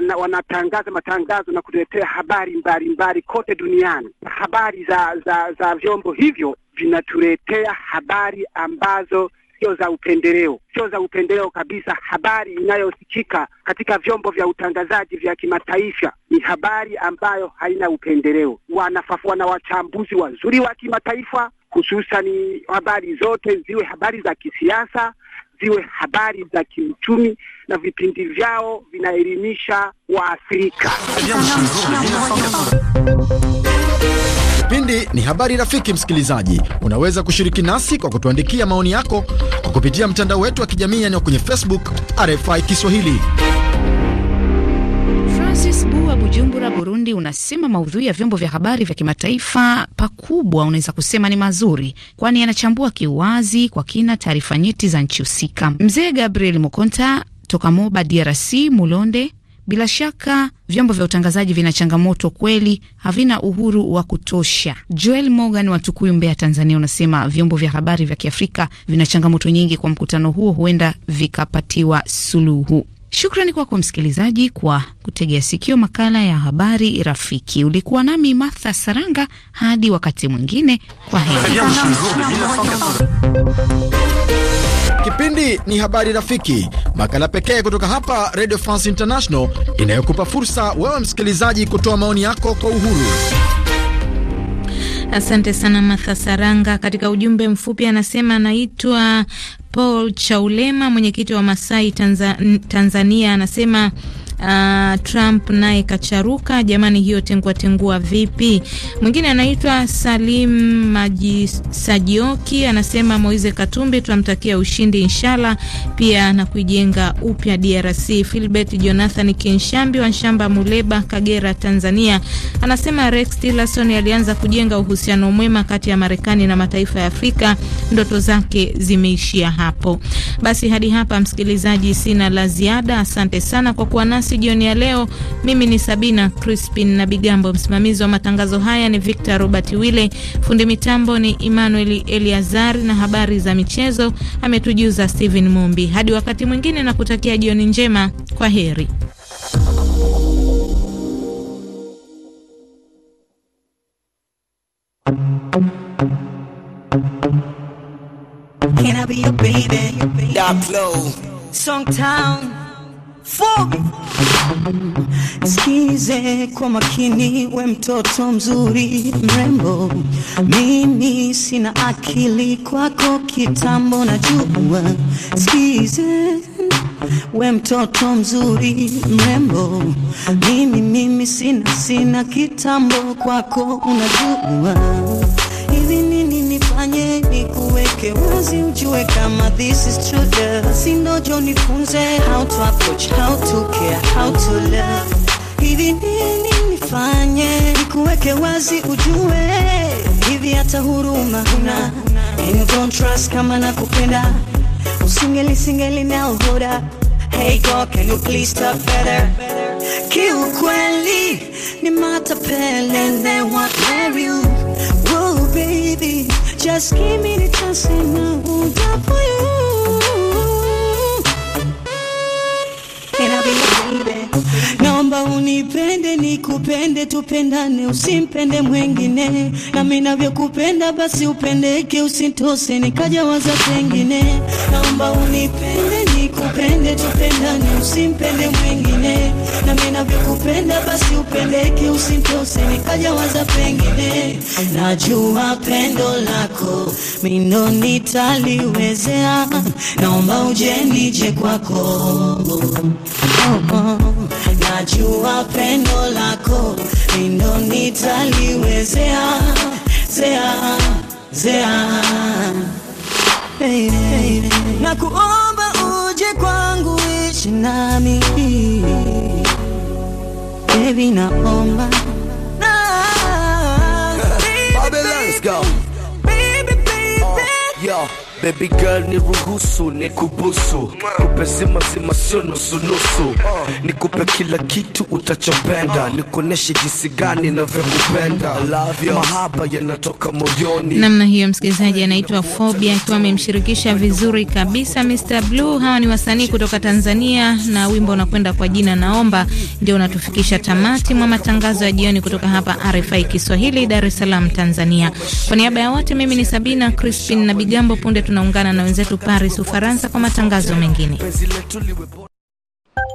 na, wanatangaza matangazo na kutuletea habari mbalimbali kote duniani. Habari za za, za vyombo hivyo vinatuletea habari ambazo sio za upendeleo, sio za upendeleo kabisa. Habari inayosikika katika vyombo vya utangazaji vya kimataifa ni habari ambayo haina upendeleo. Wanafafua na wachambuzi wazuri wa kimataifa, hususani habari zote ziwe habari za kisiasa ziwe habari za kiuchumi na vipindi vyao vinaelimisha Waafrika. Kipindi ni habari rafiki. Msikilizaji, unaweza kushiriki nasi kwa kutuandikia maoni yako kwa kupitia mtandao wetu wa kijamii yani kwenye Facebook RFI Kiswahili. Francis bu wa Bujumbura, Burundi, unasema maudhui ya vyombo vya habari vya kimataifa pakubwa, unaweza kusema ni mazuri, kwani yanachambua kiwazi kwa kina taarifa nyeti za nchi husika. Mzee Gabriel Mokonta toka Moba, DRC, Mulonde bila shaka vyombo vya utangazaji vina changamoto kweli, havina uhuru wa kutosha. Joel Morgan wa Tukuyu, Mbeya, Tanzania, unasema vyombo vya habari vya Kiafrika vina changamoto nyingi, kwa mkutano huo huenda vikapatiwa suluhu. Shukrani kwako msikilizaji kwa kutegea sikio makala ya habari rafiki. Ulikuwa nami Martha Saranga, hadi wakati mwingine, kwa heri. Kipindi ni habari rafiki, makala pekee kutoka hapa Radio France International inayokupa fursa wewe msikilizaji kutoa maoni yako kwa uhuru. Asante sana Martha Saranga. Katika ujumbe mfupi anasema anaitwa Paul Chaulema, mwenyekiti wa Masai Tanzania, anasema Uh, Trump naye kacharuka, jamani, hiyo tengua tengua vipi? Mwingine anaitwa Salim Majisajioki anasema Moize Katumbi tunamtakia ushindi inshallah, pia na kuijenga upya DRC. Philbert Jonathan Kinshambi wa shamba Muleba, Kagera, Tanzania anasema Rex Tillerson alianza kujenga uhusiano mwema kati ya Marekani na mataifa ya Afrika, ndoto zake zimeishia hapo. Basi hadi hapa msikilizaji, sina la ziada. Asante sana kwa kuwa nasi Jumamosi jioni ya leo. Mimi ni Sabina Crispin na Bigambo, msimamizi wa matangazo haya ni Victor Robert Wille, fundi mitambo ni Emmanuel Eliazar, na habari za michezo ametujuza Steven Mumbi. Hadi wakati mwingine, na kutakia jioni njema, kwa heri. Can I be your baby? Dark Low. Sikize kwa makini, we mtoto mzuri mrembo, mimi sina akili kwako kitambo na jua. Sikize we mtoto mzuri mrembo, mimi mimi sina sina kitambo kwako unajua. Hivi nini nifanye niku uweke wazi, ujue kama this is true truth. Sindojo nifunze how to approach, how to care, how to love. Hivi nini nifanye nikuweke wazi, ujue hivi hata huruma huna, and don't trust kama kupenda usingeli singeli na uhoda. Hey God, can you please talk better? Kiukweli ni matapele, then what marry you? Oh baby Just give me the chance and I will die for you. And I'll be Naomba unipende nikupende, tupendane, usimpende mwengine, nami navyokupenda basi upendeke, usitose nikajawaza pengine. Naomba unipende nikupende tupendani, usimpende mwingine, Na mimi navyokupenda basi upendeke, usimtose nikaja waza pengine. Najua pendo lako mindo nitaliwezea, naomba uje nije kwako oh, oh. Najua pendo lako mindo nitaliwezea zea zea, hey, hey, hey. nakuona kwangu ishi nami Baby naomba go Baby, baby, uh, yeah. Baby girl ni ruhusu ni kubusu kupe zima zima, sio nusu nusu, kupe kila kitu utachopenda, ni nikuoneshe jinsi gani navyokupenda, mahaba yanatoka moyoni. Namna hiyo, msikilizaji anaitwa Fobia akiwa amemshirikisha vizuri kabisa Mr Blue. Hawa ni wasanii kutoka Tanzania na wimbo unakwenda kwa jina Naomba. Ndio unatufikisha tamati mwa matangazo ya jioni kutoka hapa RFI Kiswahili, Dar es Salaam, Tanzania. Kwa niaba ya wote, mimi ni Sabina Crispin na Bigambo. Punde tunaungana na wenzetu Paris, Ufaransa, kwa matangazo mengine.